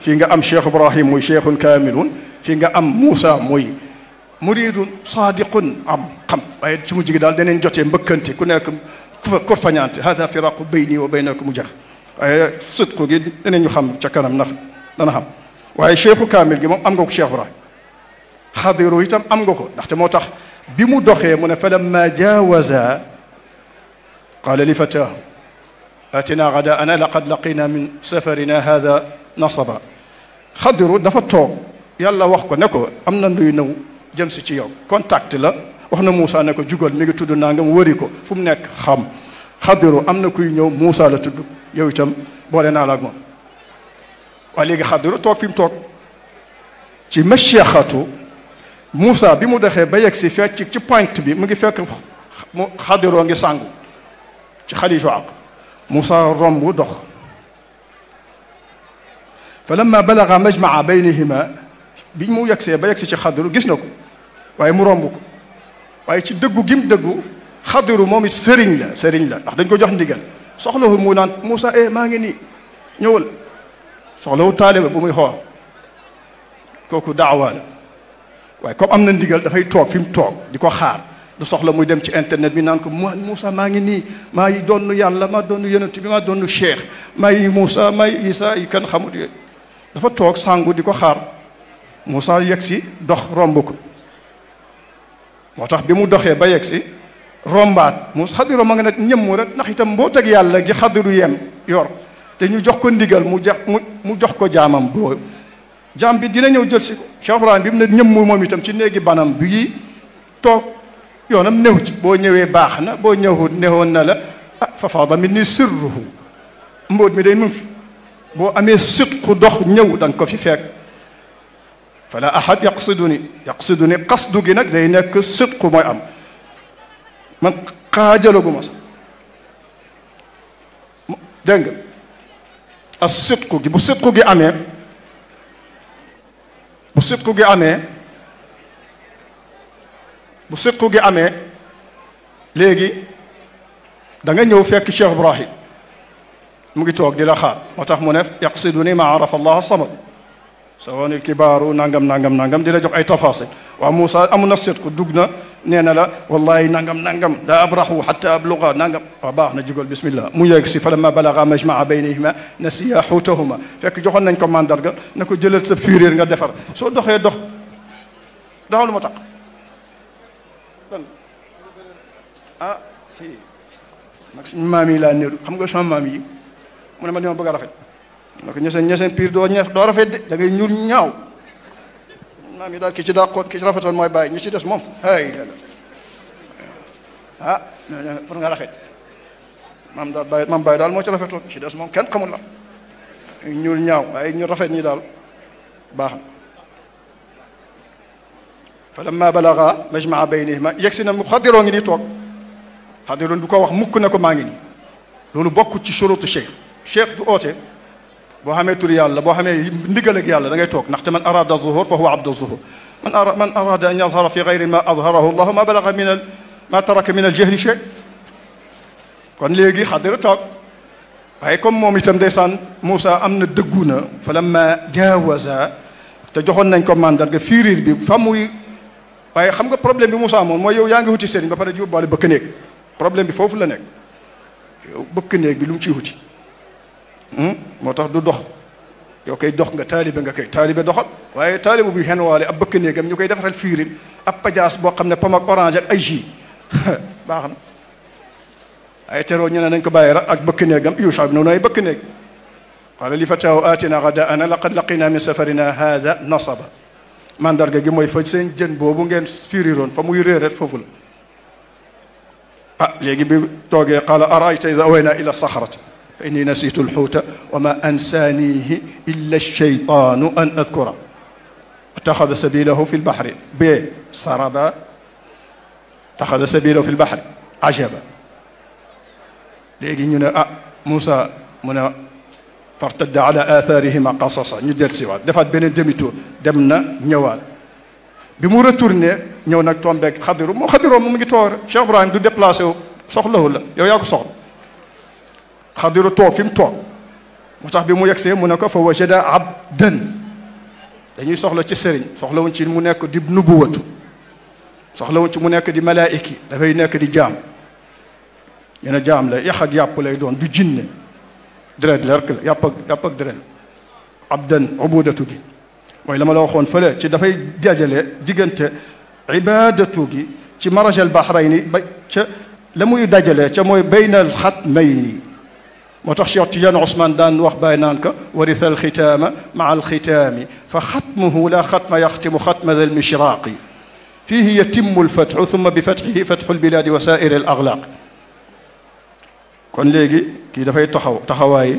fii nga am cheikh ibrahim muy cheikhun kaamilun fii nga am moussa muy muridun saadiqun am xam waaye ci mujj gi daal danañ jotee mbëkkanti ku nekk ko fañaante hada firaqu bayni wa baynaka mu jax waaye sut ko gi danañu xam ca kanam ndax dana xam waaye cheikhu kaamil gi moom am nga ko cheikh Ibrahim xadiru itam am nga ko ndaxte moo tax bi mu doxee mu ne fa lamma jaawaza qaala li fataahu atina gadaana laqad laqina min safarina hada nasaba xadiru dafa toog yàlla wax ko ne ko am na luy nëw jëm si ci yow contact la wax na Moussa ne ko jugal mi ngi tudd nangam wëri ko fu mu nekk xam xadiru am na kuy ñëw Moussa la tudd yow itam boole naa la waaye léegi xadira toog fi mu toog ci mashiaxatu Moussa bi mu doxee ba yegg si fekk ci point bi mu ngi fekk mu xadiroo ngi sàngu ci xaliisu àq Moussa romb dox fa lamma balaga majmaa baynihima bi mu yegsee ba yegsi ci xadiru gis na ko waaye mu romb ko waaye ci dëggu gim dëggu xadiru moom it sëriñ la sëriñ la ndax dañ ko jox ndigal soxla mu naan Moussa eh maa ngi nii ñëwal soxlawu taaliba bu muy xool kooku daawa waaye comme am na ndigal dafay toog fi mu toog di ko xaar du soxla muy dem ci internet bi naan ko man Moussa maa ngi nii maa yi doon yàlla maa doon yonent bi maa doon cheikh may yi Moussa maa yi Isa yi kenn xamut yooyu dafa toog sangu di ko xaar Moussa yegg si dox romb moo tax bi mu doxee ba yegg si rombaat Moussa xadiru ma nga ne ñëmmu rek ndax itam mbooteeg yàlla gi xadiru yem yor. te ñu jox ko ndigal mu jox mu jox ko jaamam boobu jaam bi dina ñëw jël si ko Cheikh Ibrahim bi mu ne ñëm moom itam ci néegi banam bi toog yoonam néew ci boo ñëwee baax na boo ñëwut néewoon na la ah fafaada mi nii sirruhu mboot mi day mu fi boo amee sidqu dox ñëw da ko fi fekk fala ahad yaqsidu ni yaqsidu ni qasdu gi nag day nekk sidqu mooy am man xaajalaguma sax dégg nga ak sitku gi bu sitku gi amee bu sitku gi amee bu sitku gi amee léegi da nga ñëw fekk Cheikh Ibrahim mu ngi toog di la xaar moo tax mu ne yaqsidu ni ma arafa allah samad soo woon kibaaru nangam nangam nangam di la jox ay tafasil waaw Moussa amu na sitku dugg na nee na la wallahi nangam nangam la abrahu xata abluga nangam ah, baax na jugal bismillah mu yegg si falamma balaga majmaa baynihima nasiya xuutahuma fekk joxoon nañ ko mandarga na ko jëlal sa furéer nga defar soo doxee dox doxal ma tax ah si maam yi laa xam nga sama maam mu ne ma dama bëgg a rafet na ko ñeseen ñeseen piir doo rafet de da ngay ñuul ñaaw maam yi daal ki ci dàqoon ki ci rafetoon mooy bàyyi ñi ci des moom ay ah nga rafet maam daal bàyyi maam bàyyi daal moo ci rafetoon ci des moom kenn xamul la ñuul ñaaw waaye ñu rafet ñi daal baax na fa lamma balaga majmaa baynihima yegg si na mu xadiroo ngi ni toog xadiroon du ko wax mukk ne ko maa ngi loolu bokk ci surutu cheikh du oote boo xamee tur yàlla boo xamee ndigal ak yàlla da ngay toog ndaxte man arada zuhur fa huwa abdu zuhur man ara man arada an yadhara fi gayri ma adharahu llahu ma balaga min al ma taraka min al jahli shay kon léegi xadira toog comme moom itam ndeysaan Moussa am na dëggu na fa lamma jaawaza te joxoon nañ ko mandarga fiiriir bi fam muy waaye xam nga problème bi Moussa moom mooy yow yaa ngi wuti sëriñ ba pare di yóbbaale bëkk néeg problème bi foofu la nekk yow bëkk néeg bi lu mu ciy wuti Hmm? moo tax du dox yow koy dox nga taalibe nga koy taalibe dox waaye taalibe bu xenwaale ab bëkk néegam ñu koy defaral fiirin ab pajaas boo xam ne pom ak orange ay jus baax na ay teroo ñu ne nañ ko bàyyi rak ak bëkk néegam yuusa bi noonu ay bëkk néeg qaala li fataahu aatina gadaana laqad laqina min safarina hada nasaba mandarga gi mooy fa seen jën boobu ngeen fiiriroon fa muy réeréet foofu la ah léegi bi toogee qaala araayta ida awayna ila saxrati inni nasitu alxuuta wa ma ansaanihi illa alcheytaanu an adkura taxada sabilahu fi lbaxri bee saraba taxada sabilahu fi lbaxri ajaba léegi ñu ne ah Moussa mu ne fartadda ala athaarihima qasasa ñu del siwaat defaat beneen demi tour dem na ñëwaat bi mu retourné ñëw nag tombeeg xadiru moom xadiroo mu ngi toor Cheikh Ibrahim du déplacé wu soxlawu la yow yaa ko soxla xadiru toog fi mu toog moo tax bi mu see mu ne ko fa wajada abdan dañuy soxla ci sëriñ soxlawuñ ci mu nekk di soxla soxlawuñ ci mu nekk di malaayiki dafay nekk di jaam ñu ne jaam la yax ak yàpp lay doon du jinne deret la rek la yàpp ak yàpp ak deret abdan ubudatu gi mooy la ma la waxoon fële ci dafay dajale diggante ibadatu gi ci marajal bahrayni ba ca la muy dajale ca mooy baynal xatmayni moo tax Cheikh Tidiane Ousmane daan wax bàyyi naan ko warisa alxitaama maa alxitaami fa xatmuhu la xatma yaxtimu xatma dal mishraaqi fiihi yatimu alfatxu summa bi fatxihi fatxu albilaadi wa saairi al axlaaq kon léegi kii dafay taxaw taxawaayi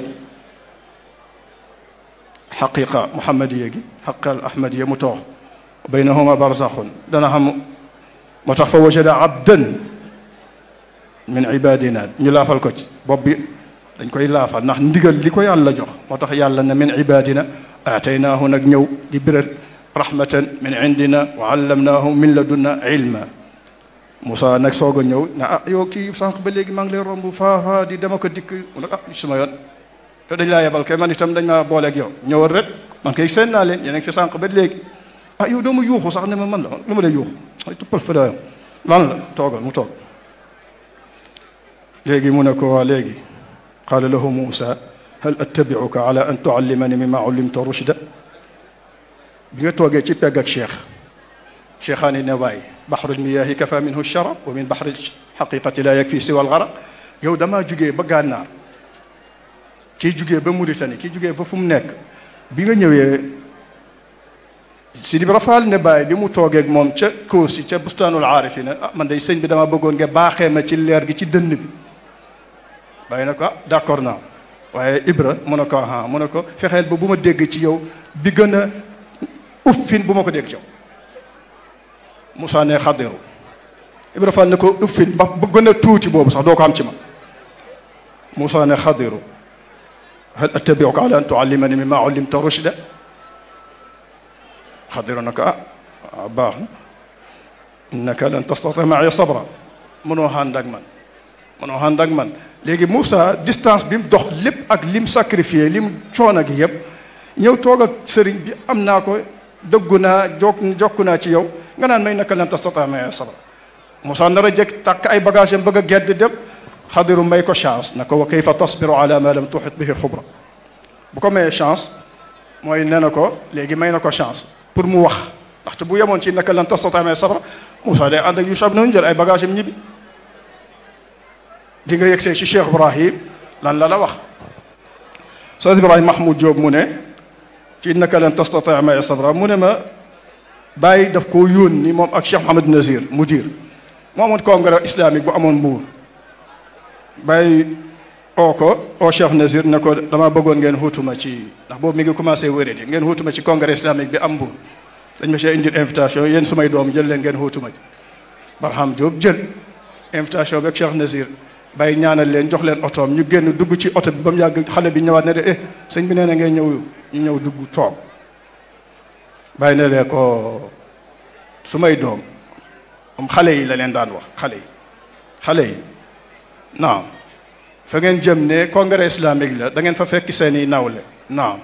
xaqiqa muhammadiya gi xaqa al ahmadiya mu toox baynahuma barzaxun dana xam moo tax fa wajada abdan min ibadina ñu laafal ko ci bopp bi dañ koy laafal ndax ndigal li ko yàlla jox moo tax yàlla ne min ibadina aataynaahu nag ñëw di biral rahmatan min indina mi allamnaahu min ladunna ilma Moussa nag soog a ñëw ne ah yow kii sànq ba léegi maa ngi lay romb faafaa di dama ko dikk mu ne ah suma yoon te dañ laa yebal kay man itam dañ maa booleeg yow ñëwal rek man kay seen naa leen yéen a fi sànq ba léegi ah yow doomu yuuxu sax ne ma man la lu ma lay yuuxu ay a fa lan la toogal mu toog léegi mu ne ko waa léegi qaala lahu muusa hal attabi'uka ala an tuallimani mimma ullimta rushda bi nga toogee ci pegg ak cheikh cheikhaani ne waay baxrul miyaahi kafa minhu sharab wa min baxri xaqiqati la yakfi siwa algaraq yow damaa jugee ba gànnaar kii jugee ba Mauritanie kii jugee ba fu mu nekk bi nga ñëwee Sidi Rafaal ne bàyyi bi mu toogeeg moom ca Koosi ca bustaanul aarifina ah man day sëñ bi dama bëggoon nga baaxee ma ci leer gi ci dënn bi bàyyi na ko ah d'accord waaye Ibra mu ne ko ah mu ne ko fexeel ba bu ma dégg ci yow bi gën a uffin bu ma ko dégg ci yow Moussa ne Ibra Fall ne ko ba bu gën a tuuti boobu sax doo ko am ci ma Moussa ne xaddiru hal attabi'uka ala an tu'allimani mimma 'ullimta rushda xadiru na ah, ah baax na innaka lan tastati ma'iya sabra mënoo ànd ak man mënoo ànd léegi Moussa distance bi mu dox lépp ak lim sacrifié lim coono gi yëpp ñëw toog ak sëriñ bi am naa ko dëggu naa jokk jokku naa ci yow nga naan may naka lan tastataa ma'iya sabra Moussa nar a jëkk tàkk ay bagages am bëgg a gedd dem xadiru ko chance na ko wa kayfa tasbiru ala ma lam tuhit bihi xubra ko mayee chance mooy nee na ko léegi may na ko chance pour mu wax ndaxte bu yemoon ci naka lan tastataa ma'iya sabra Moussa day ànd ak Yuusuf ibn Nun jël ay bagages di nga yegsee ci Cheikh Ibrahim lan la la wax Sëriñ Ibrahim Mahmoud Diop mu ne ci innaka lan tastati ma sabra mu ne ma bàyyi daf koo yónni moom ak Cheikh Mouhamed Nazir mu diir moo amoon congrès islamique bu amoon mbuur bàyyi oo ko oo Cheikh Nazir ne ko dama bëggoon ngeen xutuma ci ndax boob mi ngi commencé wéradi ngeen xutuma ci congrès islamique bi am mbuur dañ ma see indil invitation yéen sumay doom jël leen ngeen xutuma ci Barham Diop jël invitation bi ak Cheikh Nazir bay ñaanal leen jox leen otoom ñu génn dugg ci oto bi ba mu yàgg xale bi ñëwaat ne de eh sëñ bi nee na ngay ñëw ñu ñëw dugg toog bay ne lee ko su may doom am xale yi la leen daan wax xale yi xale yi naam fa ngeen jëm ne congrès islamique la da ngeen fa fekk seeni nawle naam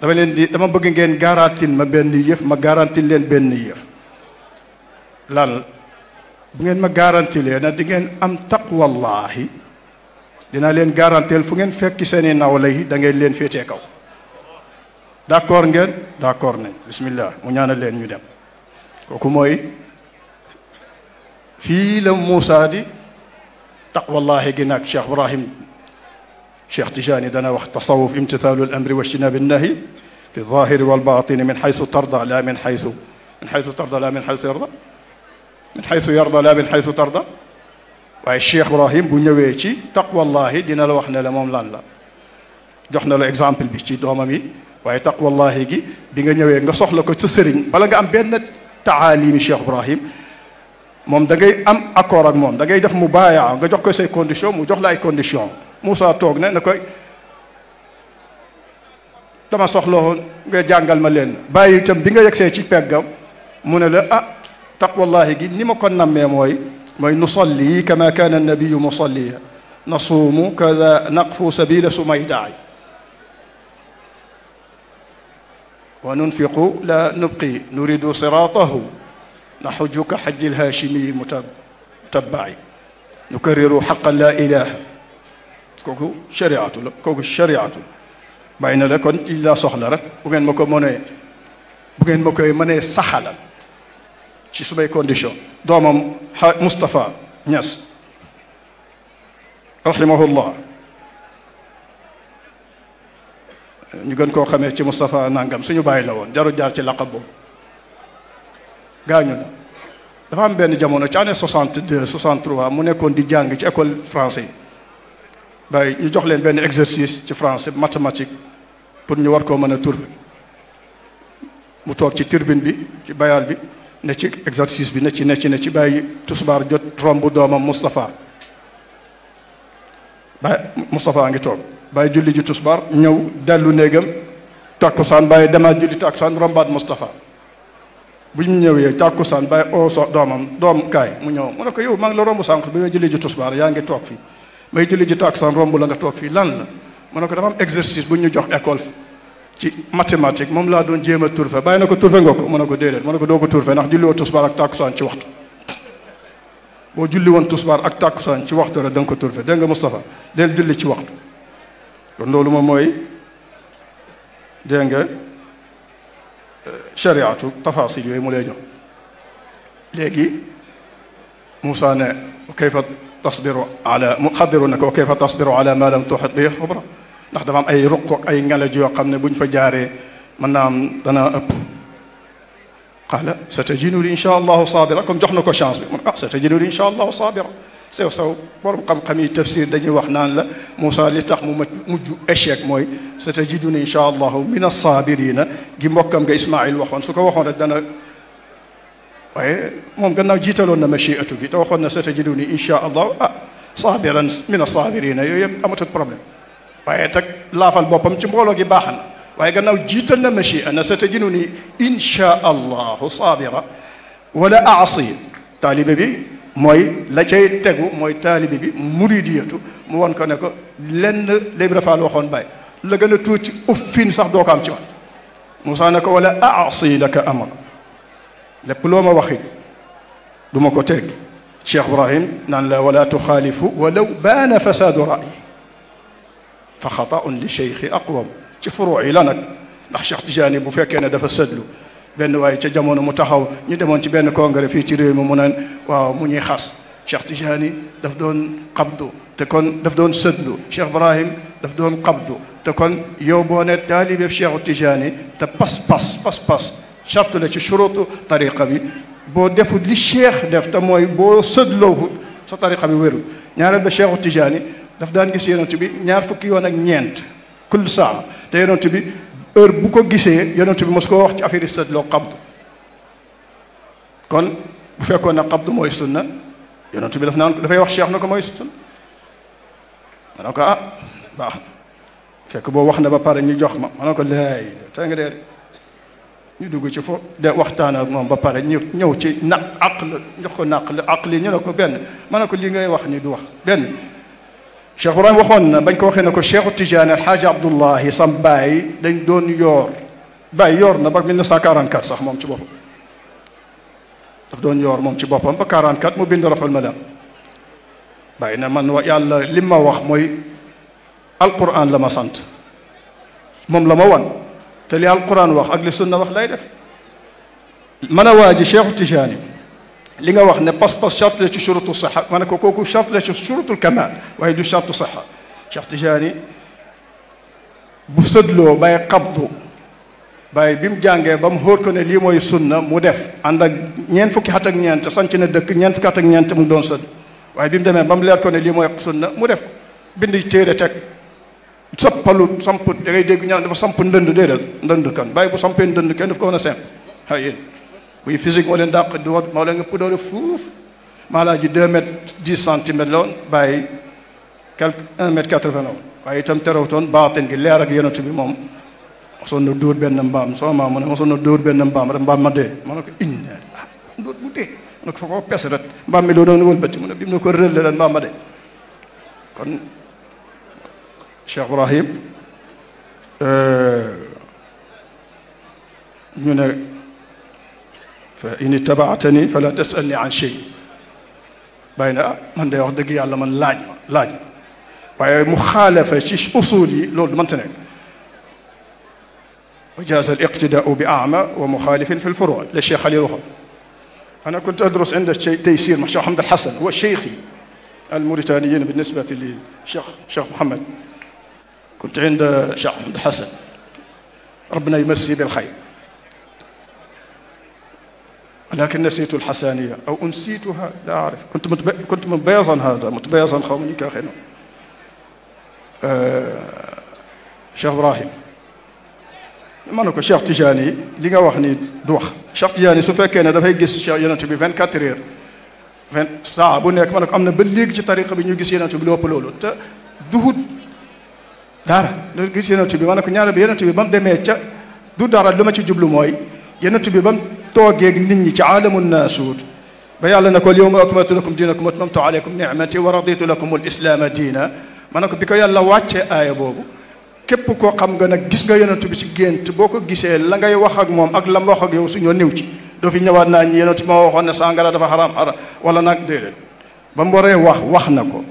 dama leen di dama bëgg ngeen garantil ma benn yëf ma garantil leen benn yëf lan bu ngeen ma garantilee na di ngeen am taqwallahi dina leen garanteel fu ngeen fekk seeni nawle yi da ngeen leen féetee kaw d'accord ngeen d'accord nañ bismillah mu ñaan leen ñu dem kooku mooy fii la Moussa di taqwallahi gi nag Cheikh Ibrahim Cheikh Tijani dana wax tasawuf imtithalu al amri wa ijtinabi nnahi fi zahiri wal batini min xaysu tarda la min xaysu min xaysu tarda la min xaysu min xaysu yarda laa min xaysu tarda waaye Cheikh Ibrahim bu ñëwee ci taqwallahi dina la wax ne la moom lan la jox na la exemple bi ci doomam yi waaye taqwallahi gi bi nga ñëwee nga soxla ko sa sëriñ bala nga am benn taalimi Cheikh Ibrahim moom da ngay am accord ak moom da def mu baayaa nga jox ko say condition mu jox la ay condition Moussa toog ne na koy dama soxla woon nga jàngal ma leen bàyyi itam bi nga yegsee ci peggam mu ne la ah taqwallahi gi ni ma ko nammee mooy mooy nusalli kama kaana annabiyu musalliya nasuumu kada naqfu sabila sumaydaay wa nunfiqu la nubqi nuridu siratahu naxuju ka xajji lhaashimi mutabbaci nukarriru xaqan laa ilaha kooku shariatu la kooku shariatu la bàyyi na la kon lii laa soxla rek bu ngeen ma ko mënee bu ngeen ma koy mënee saxalal ci sumay condition doomam Moustapha Niass rahimahullah ñu gën koo xamee ci Moustapha Nangam suñu bàyyi la woon jarul jaar ci laqab boobu gaañu na dafa am benn jamono ci année 62 mu nekkoon di jàng ci école français bàyyi ñu jox leen benn exercice ci français mathématique pour ñu war koo mën a trouver mu toog ci turbine bi ci bayal bi ne ci exercice bi ne ci ne ci ne ci bàyyi tusbaar jot romb doomam Moustapha bàyyi Moustapha ngi toog bàyyi julli ji tusbaar ñëw dellu néegam tàkkusaan bàyyi demaat julli tàkkusaan rombaat Moustapha bu ñu ñëwee tàkkusaan bàyyi oo so doomam doom kaay mu ñëw mu ne ko yow maa ngi la romb sànq bi may julli ji tusbaar yaa ngi toog fii may julli ji tàkkusaan romb la nga toog fii lan la mu ne ko dafa am exercice bu ñu jox école fi ci mathématique moom laa doon jéem a turfe bàyyi na ko turfe nga ko mu ne ko déedéet mu ko doo ko turfe ndax julli woo tusbaar ak tàkkusaan ci waxtu boo julli woon tusbaar ak tàkkusaan ci waxtu rek da ko turfe dégg nga Moustapha del julli ci waxtu kon loolu moom mooy dégg nga chariatu euh, tafasil yooyu mu lay jox léegi Moussa ne kayfa tasbiru ala muxadiru ne ko kayfa tasbiru ala ma lam tuxit bi xubra ndax dafa ay ruq ay ngelaj yoo xam ne bu ñu fa jaaree mën naa am danaa ëpp qaala sa tajiduni insha allahu saabira comme jox na ko chance bi mu ne ah sa tajiduni insha allahu saabira sew sew yi tafsir dañuy wax naan la Moussa li tax mu mujj échec mooy sa tajiduni insha allahu min assaabirina gi mbokkam nga Ismail waxoon su ko waxoon rek dana waaye gana gannaaw jiitaloon na machiatu gi te waxoon na sa tajiduni insha allahu ah saabiran min assaabirina yooyu yëpp amatul problème waaye tag laafal boppam ci mbooloo gi baax na waaye gannaaw jiital na machia na sa tajinu ni insha allahu saabira wala aasi taalibe bi mooy la cay tegu mooy taalibe bi muridiyatu mu won ko ne ko lenn léegi dafa waxoon bàyyi la gën a tuuti uffin sax doo am ci man Moussa ne ko wala aasi laka amra lépp loo ma waxi du ma ko teg Cheikh Ibrahim naan la wala tuxaalifu walaw baana fasaadu ra'yi fa xataun li cheikhi aqwam ci furuu yi la nag ndax Cheikh Tidiane bu fekkee ne dafa sëdlu benn waaye ca jamono mu taxaw ñu demoon ci benn congrès fii ci réew mi mu naan waaw mu ñuy xas Cheikh Tidiane daf doon qabdu te kon daf doon sëdlu Cheikh Ibrahim daf doon qabdu te kon yow boo ne taalibe Cheikh Tidiane te pas-pas pas-pas charte la ci churutu tariqa bi boo deful li cheikh def te mooy boo sëdloowul sa tariqa bi wérul ñaareel ba Cheikh Tidiane daf daan gis yonent bi ñaar fukki yoon ak ñeent kull saam te yonent bi heure bu ko gisee yonent bi mos koo wax ci affaire istidlaaq qabdu kon bu fekkoon na qabdu mooy sunna yonent bi daf naan dafay wax seex na ko mooy sunna ma ne ah, baax fekk boo wax na ba pare ñu jox ma ma ne ko laay tey nga dee ñu dugg ci fo de waxtaan ak moom ba pare ñu ñëw ci naq aql jox ko naq aql yi ñu ne ko benn ma ne ko li ngay wax ni du wax benn Cheikh Ibrahim waxoon na bañ ko waxee ne ko Cheikh Tidiane Alxaaji Abdullahi sam baay dañ doon yoor baay yoor na ba 1944 sax moom ci boppam daf doon yoor moom ci boppam ba 44 mu bind Rafal Malam bàyyi na man wa yàlla li ma wax mooy alquran la ma sant moom la ma wan te li alquran wax ak li sunna wax lay def mën a waa ji Cheikh Tidiane li nga wax ne pas-pas charte la ci churutu saxa ma ne ko kooku charte la ci churutul kamal waaye du chartu saxa Cheikh Tijaani bu sëdloo bàyyi xabdu bàyyi bi mu jàngee ba mu xóor ko ne lii mooy sunna mu def ànd ak ñeent fukki at ak ñeent sanc na dëkk ñeent fukki at ak ñeent mu doon sëdd waaye bi mu demee ba mu leer ko ne lii mooy sunna mu def ko bind téere teg soppalu samp da ngay dégg ñaan dafa samp ndënd déedéet ndënd kan bàyyi bu sampee ndënd kenn daf ko mën a semp hay yéen kuy physique moo leen dàq doo moo leen ëpp doole fuuf maalaa ji deux mètres dix centimètres la woon quelque un mètre quatre-vingt woon waaye itam terewutoon baatin gi leer ak yonent bi moom mosoon na benn mbaam soo ma mu ne mosoon na dóor benn mbaam rek mbaam ma dee ma ne ko inna ah dóor bu dee ma ne ko fa koo pes ret mbaam mi loo doon wëlbati mu ne bi mu ne ko rëlle ren mbaam ma dee kon Cheikh Ibrahim euh, ñu ne fa in itabaatani fala tasalni an shay bàyyi na ah man day wax dëgg yàlla man laaj ma laaj ma waaye mu xaalafa ci usul yi loolu mënta nekk wa jaaza al iqtidaau bi ama wa muxaalifin fi lfuruu la cheikh xalil waxoon ana kuntu adrus inda taysir ma cheikh Ahmad al Hasan wa cheikhi al mauritaniyin بالنسبة li cheikh cheikh Mohamed kuntu inda cheikh Ahmad al Hasan rabbana yumassi bil xayr لكن نسيت الحسانية أو أنسيتها لا أعرف كنت متب... كنت متبيضا هذا متبيضا قومي كاخنا آه... Cheikh Ibrahim ma ne ko Cheikh Tidiane li nga wax ni du wax Cheikh Tidiane su fekkee ne dafay gis Cheikh yonent bi 24 heures 20 saa bu nekk ma ne ko am na ba léegi ci tariqa bi ñu gis yonent bi lépp loolu te duhut dara da gis yonent bi ma ne ko ñaareel bi yonent bi ba mu demee ca du dara li ma ci jublu mooy yonent bi ba mu toogeeg nit ñi ci aalamu naasuut ba yàlla ne ko al yawma akmaltu lakum diinakum atmamtu aleykum nicmati wa raditu lakum al islaama diina ma ne ko bi ko yàlla wàccee aaya boobu képp koo xam nga nag gis nga yonent bi ci gént boo ko gisee la ngay wax ak moom ak lam wax ak yow suñoo néew ci doo fi ñëwaat naa ñi yonent bi ma waxoon ne sàngara dafa xaraam xaraam wala nag ba mu waree wax wax na ko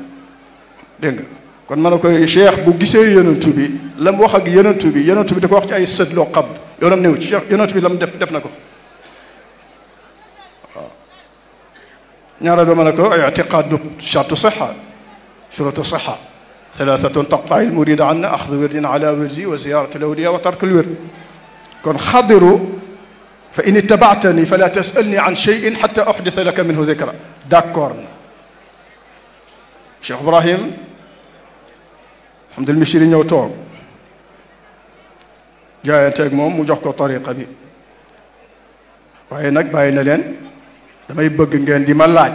dégg nga kon ma ne koy cheikh bu gisee yonent bi la mu wax ak yonent bi yonent bi wax ci ay sët loo xab yoonam néew ci yonent bi la mu def def na ko ñaareel ba ma ne ko ay itiqaadu chartu sixa churutu sixa thalathatun taqta'i al-murida an axdu wirdin ala wirdi wa ziyarati al-awliya wa tark al-wird kon xadiru fa in ittabaatani fala tasalni an cheyin xata uxdisa laka minhu zikra d'accord na Cheikh Ibrahim Hamdul Mishri ñëw toog jaayanteeg moom mu jox ko tariqa bi waaye nag bàyyi na leen damay bëgg ngeen di ma laaj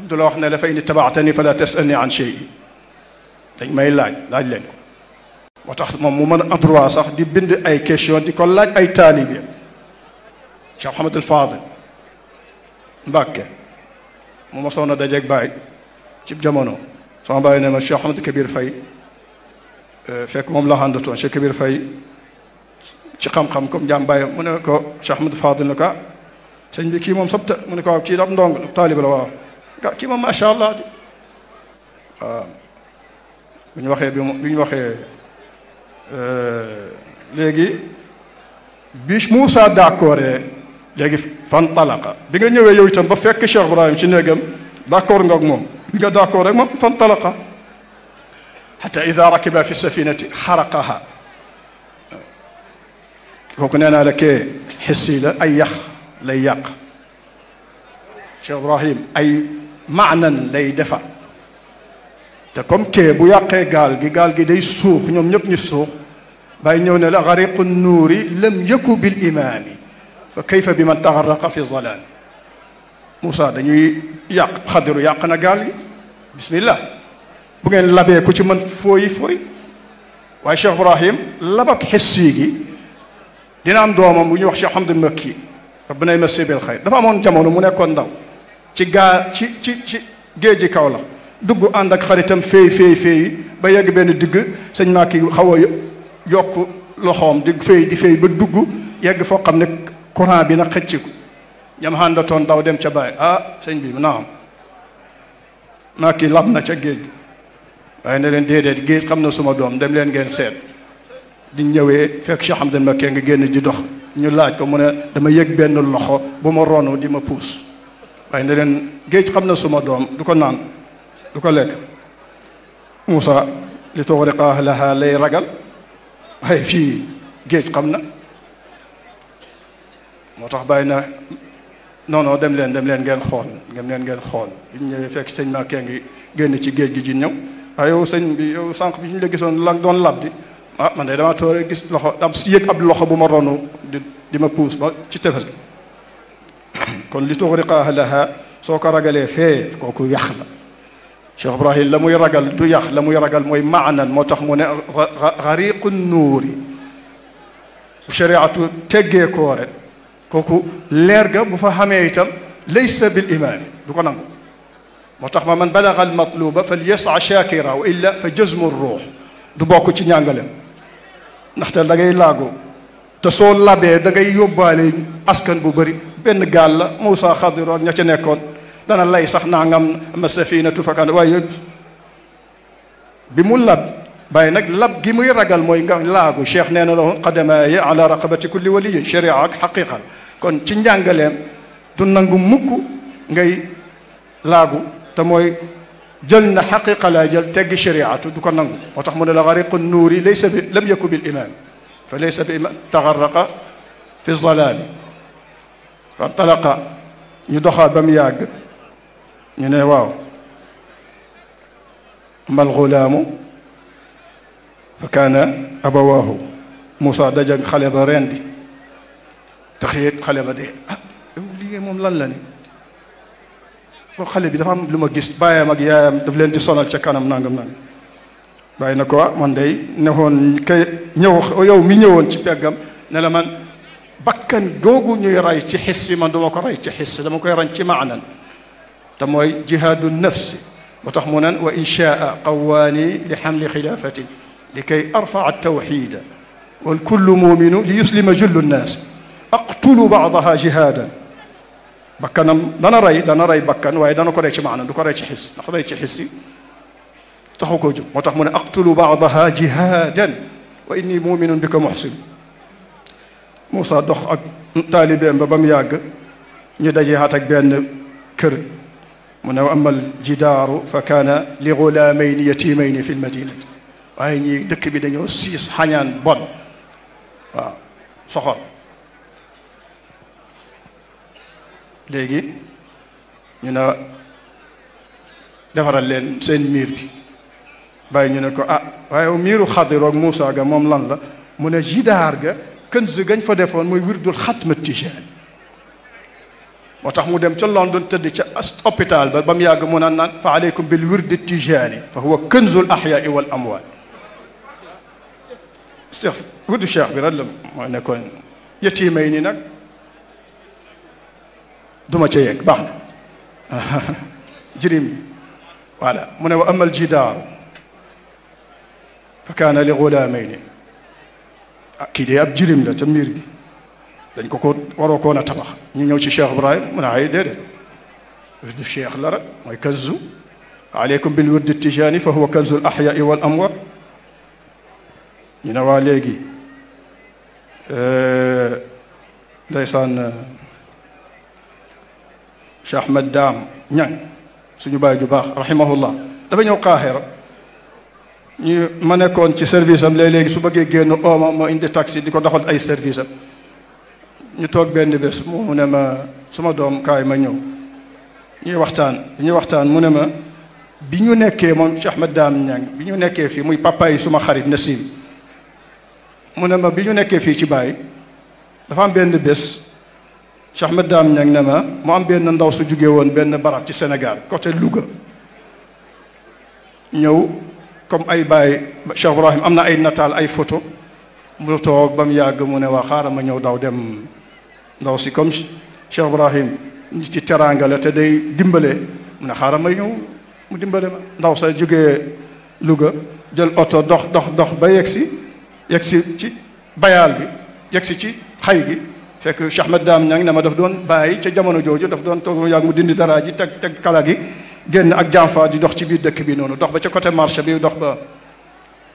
moom ne dafa indi tabaatani fala may laaj laaj leen ko tax moom mu mën a am sax di bind ay question di ko laaj ay taalibe Cheikh Mouhamadul Fadil Mbàkke mu ma soon a baay ci jamono sama baay ne ma Cheikh Mouhamadou Kabir Faye euh, fekk moom la àndatoon Cheikh Kabir Faye ci xam-xam comme mu ne ko Cheikh Mouhamadou Fadil ne ko ah, sëñ bi kii moom sopta mu ne ko waaw kii daal ndong taaliba la waaw kii moom macha allah di waaw bu ñu waxee bi bi ñu waxee euh, léegi bi Moussa d'accord léegi fan talaqa bi nga ñëwee yow itam ba fekk Cheikh Ibrahim ci néegam d'accord nga ak moom bi nga d'accord rek moom fan talaqa xata ida rakiba fi safinati xaraqaha kooku nee naa la kee xissi la ay yax lay yàq Cheikh Ibrahim ay maanan lay defar te comme kee bu yàqee gaal gi gaal gi day suux ñoom ñëpp ñu suux bàyyi ñëw na la gariqu nuuri lam yëku bil imaami fa kayfa bi man taxaraqa fi zalaami Moussa dañuy yàq xadiru yàq na gaal gi bismillah bu ngeen labee ku ci mën fooyi fooy waaye Cheikh Ibrahim labak xessi dina am bu ñuy wax Cheikh Hamdul Makki rabbana yumsi bil xayr dafa amoon jamono mu nekkoon ndaw ci gaa ci ci ci géej ji kaw la dugg ànd ak xaritam féey féey féey ba yegg benn digg sëñ maa ki xaw a yokk loxoom di féey di féey ba dugg yegg foo xam ne courant bi na xëcc ko ñam àndatoon daw dem ca bàyyi ah sëñ bi naam am ki lab na ca géej gi waaye ne leen déedéet géej xam na suma doom dem leen ngeen seet di ñëwee fekk Cheikh Hamdan Mbacké nga génn di dox ñu laaj ko mu ne dama yëg benn loxo bu ma ronu di ma puus waaye ne leen géej xam na suma doom du ko naan du ko lekk Moussa li tuxriqa ahlaha lay ragal waaye fii géej xam na moo tax bàyyi na non non dem leen dem leen ngeen xool dem leen ngeen xool biñ ñëwee fekk sëñ Makke ngi génn ci géej gi ji ñëw waaye yow sëñ bi yow sànq bi ñu la gisoon la doon labdi ah man de damaa toore gis loxo am yëg ab loxo bu ma ronu di di ma puus ba ci tefes gi kon li tuxriqa ahlaha soo ko ragalee fee kooku yàq la Cheikh Ibrahim la muy ragal du yàq la muy ragal mooy maanan moo tax mu ne xariqu nuuri shariatu teggee koo rek kooku leer ga bu fa xamee itam laysa bil imaami du ko nangu moo tax ma man balaga al matluba fal yasa shakira wa illa fa jazmu ruux du bokk ci ñàngalem ndaxte da ngay laagoo te soo labee da ngay yóbbaale askan bu bari benn gaal la Moussa Xadir ña ca nekkoon dana lay sax naa ngam ma safinatu fakan waaye bi mu lab bàyyi nag lab gi muy ragal mooy nga laagu cheikh nee na la xadamaye ala raqabati kulli waliyin sharia ak xaqiqa kon ci njàngaleem du nangu mukk ngay laagu te mooy jël na xaqiqa laa jël teggi shariatu du ko nangu moo tax mu ne la xariqu nuuri laysa bi lam yaku bil imaam fa laysa bi imaam taxaraqa fi zalaami fa talaqa ñu doxaa ba mu yàgg ñu ne waaw mal xulaamu fa kaana abawaahu Moussa dajag xale ba rendi taxiyit xale ba dee ah yow liggéey moom lan la ni ko xale bi dafa am lu ma gis baayam ak yaayam daf leen di sonal ca kanam nangam nangam bàyyi na ko ah, man day newoon kay ñëw yow mi ñëwoon ci peggam ne la man bakkan googu ñuy rey ci xissi man duma ko rey ci xissi dama koy ran ci maanan te mooy jihaadu nafsi ba tax mu nan wa inchaa qawaani li xamli xilaafatin li kay arfaa tawxida walkullu muminu li yuslima jullu nnaas aqtulu baadaha jihaadan bakkanam dana rey dana rey bakkan waaye dana ko rey ci maanaam du ko rey ci xis ndax rey ci moo tax mu ne aqtulu baadaha jihadan wa inni muminun bi ko muxsin Moussa dox ak taalibeem ba ba mu yàgg ñu dajee xaat ak benn kër mu ne amal jidaaru fa kaana li gulaamayni yatimayni fi lmadinati waaye ñii dëkk bi dañoo siis xañaan bon waaw soxor léegi ñu ne defaral leen seen miir bi bay ñu ne ko ah waaye miiru xadiroog Moussa ga moom lan la mu ne jidaar ga kënz gañ fo defoon muy wirdul xatma tijaan moo tax mu dem ca London tëdd ca hôpital ba ba mu yàgg mu naan naan fa aleykum bil wirdi tijaani fa huwa kënzul axyaai wal amwaal wirdu cheikh bi rek la duma ca yegg baax na jirim bi voilà mu ne wa ama aljidaaru fa kaana li gulaamayni ah kii dee ab jirim la ca mbiir bi dañ ko ko waroo koon a tabax ñu ñëw ci Cheikh Ibrahim mu ne ay déedéet wirdu cheikh la rek mooy kanzu aleykum bil wirdi tijaani fa huwa kanzu al ahyaai wal amwar ñu ne waa léegi euh, ndeysaan euh, Cheikh Ahmed Daam ñang suñu bàyyi ju baax rahimahullah dafa ñëw Qahira ñu ma nekkoon ci service am léeg-léegi su bëggee génn ooma ma indi taxi di ko doxal ay service ñu toog benn bés mu ne ma suma doom kaay ma ñëw ñuy waxtaan ñuy waxtaan mu ne ma bi ñu nekkee moom Cheikh Ahmed Daam ñang bi ñu nekkee fii muy papa suma xarit na siiw mu ne ma bi ñu nekkee fii ci bàyyi dafa am benn bés Cheikh Ahmed Dame Niang ne ma mu am benn ndaw su jóge woon benn barab ci Sénégal côté Louga ñëw comme ay bàyyi Cheikh Ibrahim am na ay nataal ay photo mu toog ba mu yàgg mu ne waa xaaral ma ñëw daw dem ndaw si comme Cheikh Ibrahim ci teraanga te day dimbale mu ne xaaral ma ñëw mu dimbale ma ndaw sa jóge Louga jël oto dox dox dox ba yegg si yegg si ci bayaal bi yegg si ci xay gi fekk Cheikh Ahmed Dame Niang ne ma daf doon bàyyi ca jamono jooju daf doon toog yàgg mu dindi dara ji teg teg kala gi génn ak janfa di dox ci biir dëkk bi noonu dox ba ca côté marché bi dox ba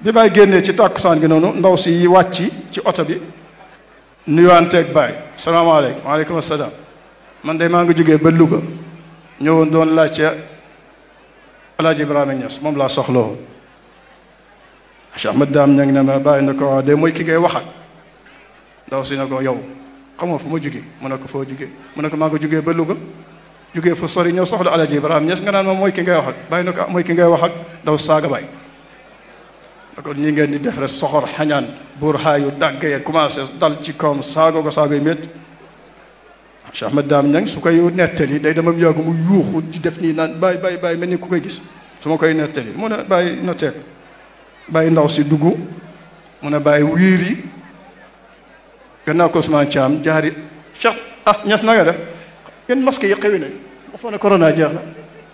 bi bàyyi génnee ci tàkkusaan gi noonu ndaw si wàcc ci oto bi nuyuwaanteeg bàyyi salaamaaleykum waaleykum asalaam man de maa ngi jógee ba Louga ñëwoon doon laajte Alaaji Ibrahima Niass moom laa soxloo Cheikh Ahmed Dame Niang ne ma bàyyi na ko waa ah, de mooy ki ngay waxat ndaw si na ko yow xamoo fu ma jugee mu ne ko foo jugee mu ne ko maa ko jugee ba Louga jugee fu sori ñëw soxla alaji baraam ñes nga naan moom mooy ki ngay wax ak bàyyi na mooy ki ngay wax ak daw saaga baay kon ñi ngeen di def rek xañaan buur xaayu dàggee commencé dal ci kawam saago ko saago yi métti Cheikh Ahmed su koy nettali day demam yàgg mu yuuxu di def nii naan bàyyi bàyyi bàyyi mel ni ku koy gis su ma koy nettali mu a bàyyi na teeg ndaw si dugg mu a bàyyi wiir yi gannaaw ko Ousmane Thiam jaari Cheikh ah ñas na nga def yéen masque yi xewi nañ ma foog ne corona jeex na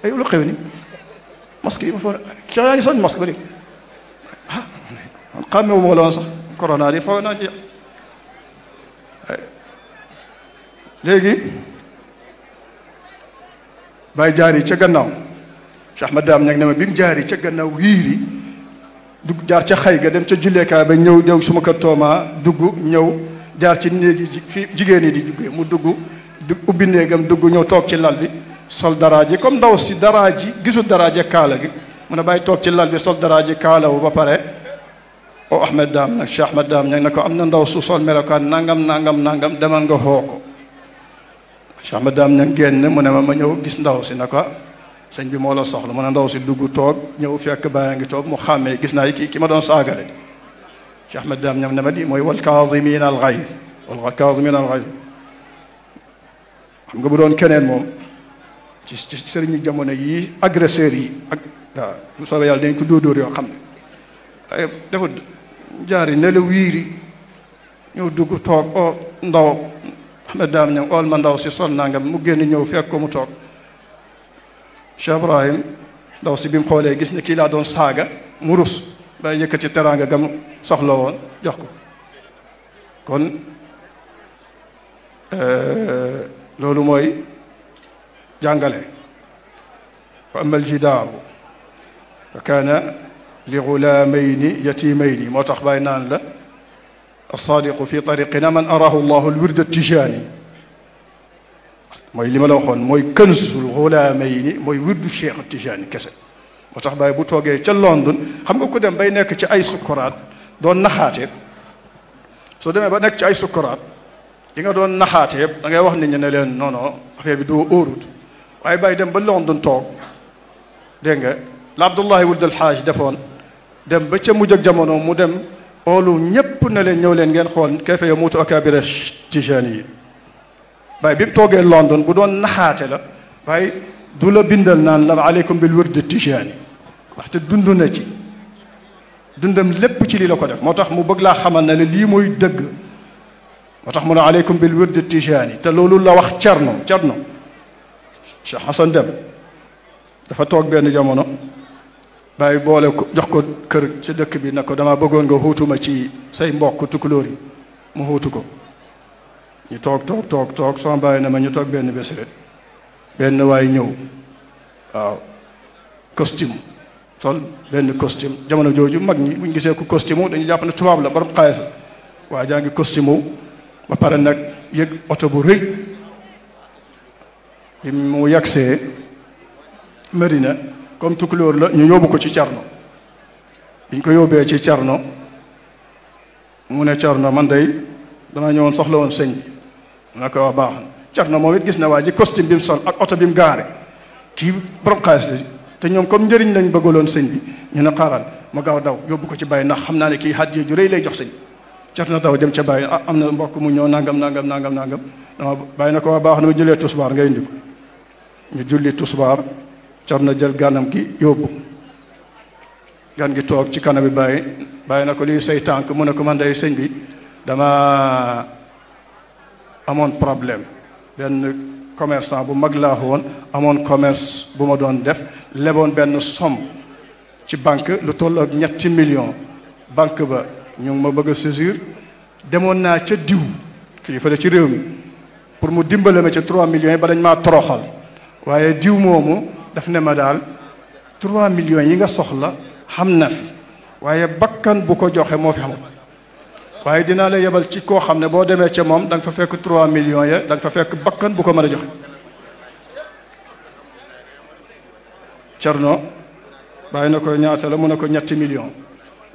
ay lu xewi ni masque yi ma foog ne Cheikh yaa ngi sonn masque ba léegi ah man xàmme wu la woon sax corona di foog naa jeex léegi bàyyi jaar ca gannaaw Cheikh Ahmad Daam ña ne ma bi mu jaar yi ca gannaaw wiiri dugg jaar ca xay ga dem ca julleekaay ba ñëw ñëw suma kër Tooma dugg ñëw jaar ci néegi fi jigéen yi di mu dugg du ubbi néegam dugg ñëw toog ci lal bi sol daraa ji comme ndaw si dara ji gisu daraa ji kaala gi mu ne bàyyi toog ci lal bi sol daraa ji kaala wu ba pare o Ahmed Dame nag Cheikh Ahmed Dame nag ne ko am na ndaw su sol melokaan nangam nangam nangam demal nga xoo ko Cheikh Ahmed Dame nag génn mu ne ma ma ñëw gis ndaw si ne ko sëñ bi moo la soxla mu ne ndaw si dugg toog ñëw fekk bàyyi ngi toog mu xàmmee gis naa yi kii ki ma doon saagale Cheikh Ahmed Daam ñam na ma di mooy wal kaazimiina al gayz wal kaazimiina al gayz xam nga bu doon keneen moom ci ci sëriñu jamono yii agresseurs yi ak waaw bu soobee yàlla dañ ko dóodóor yoo xam ne ay eh, dafa jaari ñëw dugg toog o oh, ndaw Ahmed Daam ñam ma ndaw si sol nangam mu génn ñëw fekk ko mu toog Cheikh Ibrahim ndaw si bi xoolee gis ne kii laa doon saaga murus day yëkkati teraanga gam soxla woon jox ko kon euh, loolu mooy jàngale wa ama aljidaaru fa kaana li gulaamayni yatimayni moo tax bàyyi naan la alsaadiqu fi tariqina man arahu llahu alwirda tijaani mooy li ma la waxoon mooy kënsul gulaamayni mooy wirdu cheikh tijaani kese moo tax Baye bu toogee ca London xam nga ko dem bay nekk ci ay sukkuraat doon naxaate soo demee ba nekk ci ay sukkuraat li nga doon naxaatee da ngay wax nit ñi ne leen non non affaire bi doo óorut waaye Baye dem ba London toog dégg nga la Abdullahi wuld alxaaj defoon dem ba ca mu ak jamono mu dem oolu ñépp ne leen ñëw leen ngeen xool kayfa yamuutu akaabira tijaani yi Baye bi mu toogee London bu doon naxaate la Baye du la bindal naan la aleykum bil wird tijaani ndaxte dund na ci dundam lépp ci lii la ko def moo tax mu bëgg laa xamal ne lii mooy dëgg moo tax mu ne aleykum te loolu la wax cerno cerno Cheikh Hassan dafa toog benn jamono bàyyi boole ko jox ko kër ci dëkk bi na ko dama bëggoon nga xuutuma ci say mbokk tukulóor yi mu xuutu ko ñu toog toog toog toog bàyyi na ma ñu toog benn bés benn waay ñëw waaw costume sol benn costume jamono jooju mag ñi buñ gisee ku costume dañu jàpp ne tubaab la borom xaalis la waa jaa ngi costume ba pare nag yëg oto bu rëy bi mu yagsee Medina comme tukulóor la ñu yóbbu ko ci Carno biñ ko yóbbee ci Carno mu ne Carno man day dama ñëwoon soxla woon sëñ bi mu ne ko wax baax na Carno moom it gis na waa ji costume bi mu sol ak oto bi mu gaare kii borom xaalis la te ñoom comme njëriñ lañ bëggaloon sëñ bi ñu ne xaaral ma gaaw daw yóbbu ko ci bàyyi ndax xam naa ne kii hadiya ju rëy lay jox sëñ cat na daw dem ca bàyyi ah am na mbokk mu ñëw nangam nangam nangam nangam dama bàyyi na ko waa baax na ma jullee tusbaar ngay indi ko ñu julli tusbaar car na jël ganam gi yóbbu gan gi toog ci kanam bi bàyyi bàyyi na ko lii sey tànk mu ne ko man sëñ bi dama amoon problème commerçant bu mag laa woon amoon commerce bu ma doon def leboon benn somme ci banque lu toll ñetti million banque ba ñu ma bëgg a saisir demoon naa ca diw kilifa la ci réew mi pour mu dimbale ma ca 3 millions yi ba dañ maa toroxal waaye diw moomu daf ne ma daal 3 millions yi nga soxla xam na fi waaye bakkan bu ko joxe moo fi xamul waaye dinaa la yebal ci koo xam ne boo demee ca moom danga fa fekk 3 millions ya danga fa fekk bakkan bu ko mën a joxe no bàyyi na ko ñaata la mu ne ko ñetti millions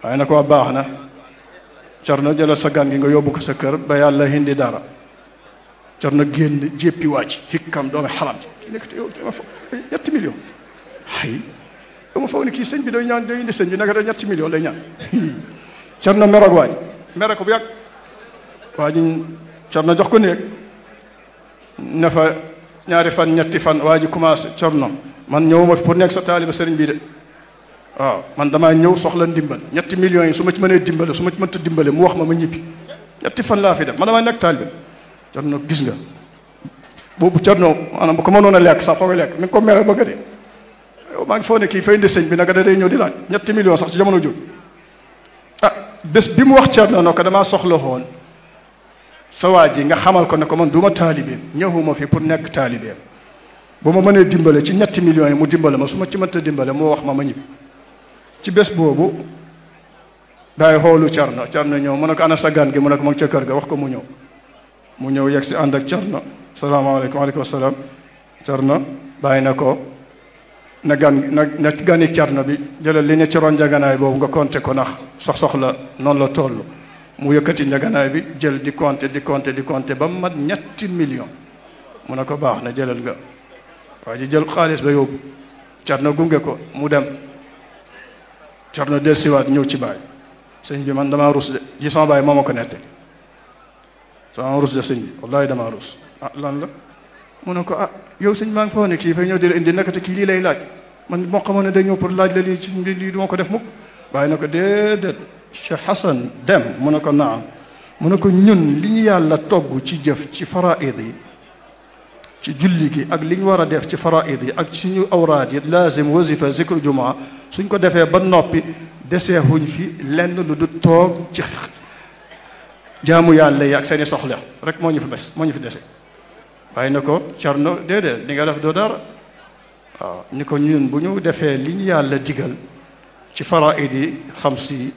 waaye na ko baax na Cerno jëlal sa gan gi nga yóbbu ko sa kër ba dara Cerno génn jéppi waa ji hikkam doomi xaram bi day ñaan bi naka ñetti millions lay ñaan Cerno merog waa mere ko bu yàgg waa ji corno jox ko néeg ne fa ñaari fan ñetti fan waa ji commencé corno man ñëwuma fi pour nekk sa taaliba sëriñ bii de waaw man damaa ñëw soxla ndimbal ñetti million yi su ma ci manee dimbale su ma ci mënta dimbale mu wax ma ma ñibbi ñetti fan laa fi def man damaa nekk taaliba corno gis nga boobu corno maanaam bu ko mënoon a lekk sax foo koy lekk mi ngi ko mere bëgg de maa ngi foo ne kii indi sëñ bi nag da day ñëw di laaj ñetti sax ci jamono jooju bés bi mu wax Cerno na ko damaa soxla woon sa waa ji nga xamal ko ne ko man du ma taalibeem ñëwuma fi pour nekk taalibeem boo ma mënee dimbale ci ñetti million yi mu dimbale ma su ma ci mënta dimbale moo wax ma ma ñibbi ci bés boobu daay xoolu Cerno na ñëw mu na ko ana sa gan gi mu na ko ma ngi ca kër ga wax ko mu ñëw mu ñëw yegg si ànd ak Cerno salaamaaleykum aleykum wa salaam Cerno bàyyi na ko na gan na gani carno bi jëlal li ne ci ron njaganaay boobu nga compter ko nax sox soxla noonu la toll mu yëkkati njaganaay bi jël di compter di compter di compter ba mu mat ñetti million mu ne ko baax na jëlal nga waaye ji jël xaalis ba yóbbu carno gunge ko mu dem carno del siwaat ñëw ci baay sëñ bi man damaa rus de ji sama baay moo ma ko nette sama rus de sëñ bi wallahi damaa rus ah lan la mu ne ko ah yow sëñ maa ngi fa ne kii fay ñëw di la indi naka te kii lii lay laaj man moo xamoon ne day ñëw pour laaj la lii ci lii du ko def mukk waaye na ko déedéet Cheikh Hassan dem mu ne ko naam mu ne ko ñun li ñu yàlla togg ci jëf ci faraid yi ci julli gi ak li ñu war a def ci faraid yi ak suñu awraad yi laazim wazifa zikru jumaa suñ ko defee ba noppi deseexuñ fi lenn lu du toog ci jaamu yàlla yi ak seeni soxla rek moo ñu fi bes moo ñu fi dese waaye ne ko Cerno déedéet nga def doo dara ni ko ñun bu ñu defee li ñu yàlla digal ci faraid yi xam si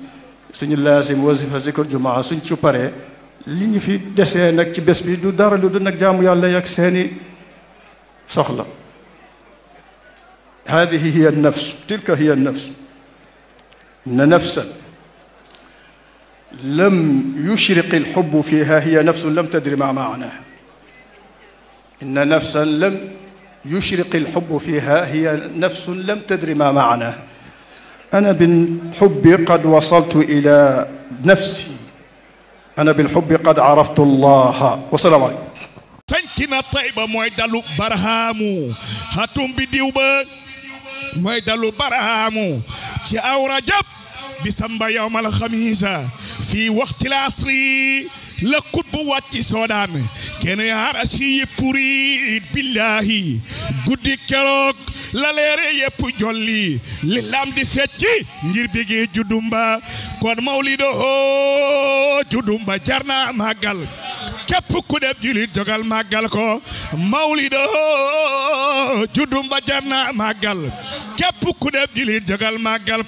suñu laasim wasifa zikr jumaa suñ ci paree li ñu fi desee nag ci bés bi du dara lu du nag jaamu yàlla yak seeni soxla hadihi hiya nafs tilka hiya nafs na nafsan lam yushriq alxubu fiha hiya nafsun lam tadri ma maanaha inna nafsan lam yushriqi alxubbu fiha hiya nafsun lam tadri ma maana ana bilxubbi qad wasaltu ila nafsi ana bilxubbi qad araftu allaha wasalaamu aleykum sañcina Tayba mooy dalu barhaamu xatum bi diw ba mooy dalu barhaamu ci aw rajab bisamba yowm alxamisa fii waxti lasri la kutbu wàcci soodaame kenn yaar asiyi puri billahi guddi keroog la leere yépp jolli li lam di fecci ngir bégee judumba kon mawlido hoo judumba jarna màggal képp ku def julit jogal màggal ko mawlido judumba jarna màggal képp ku def julit jogal màggal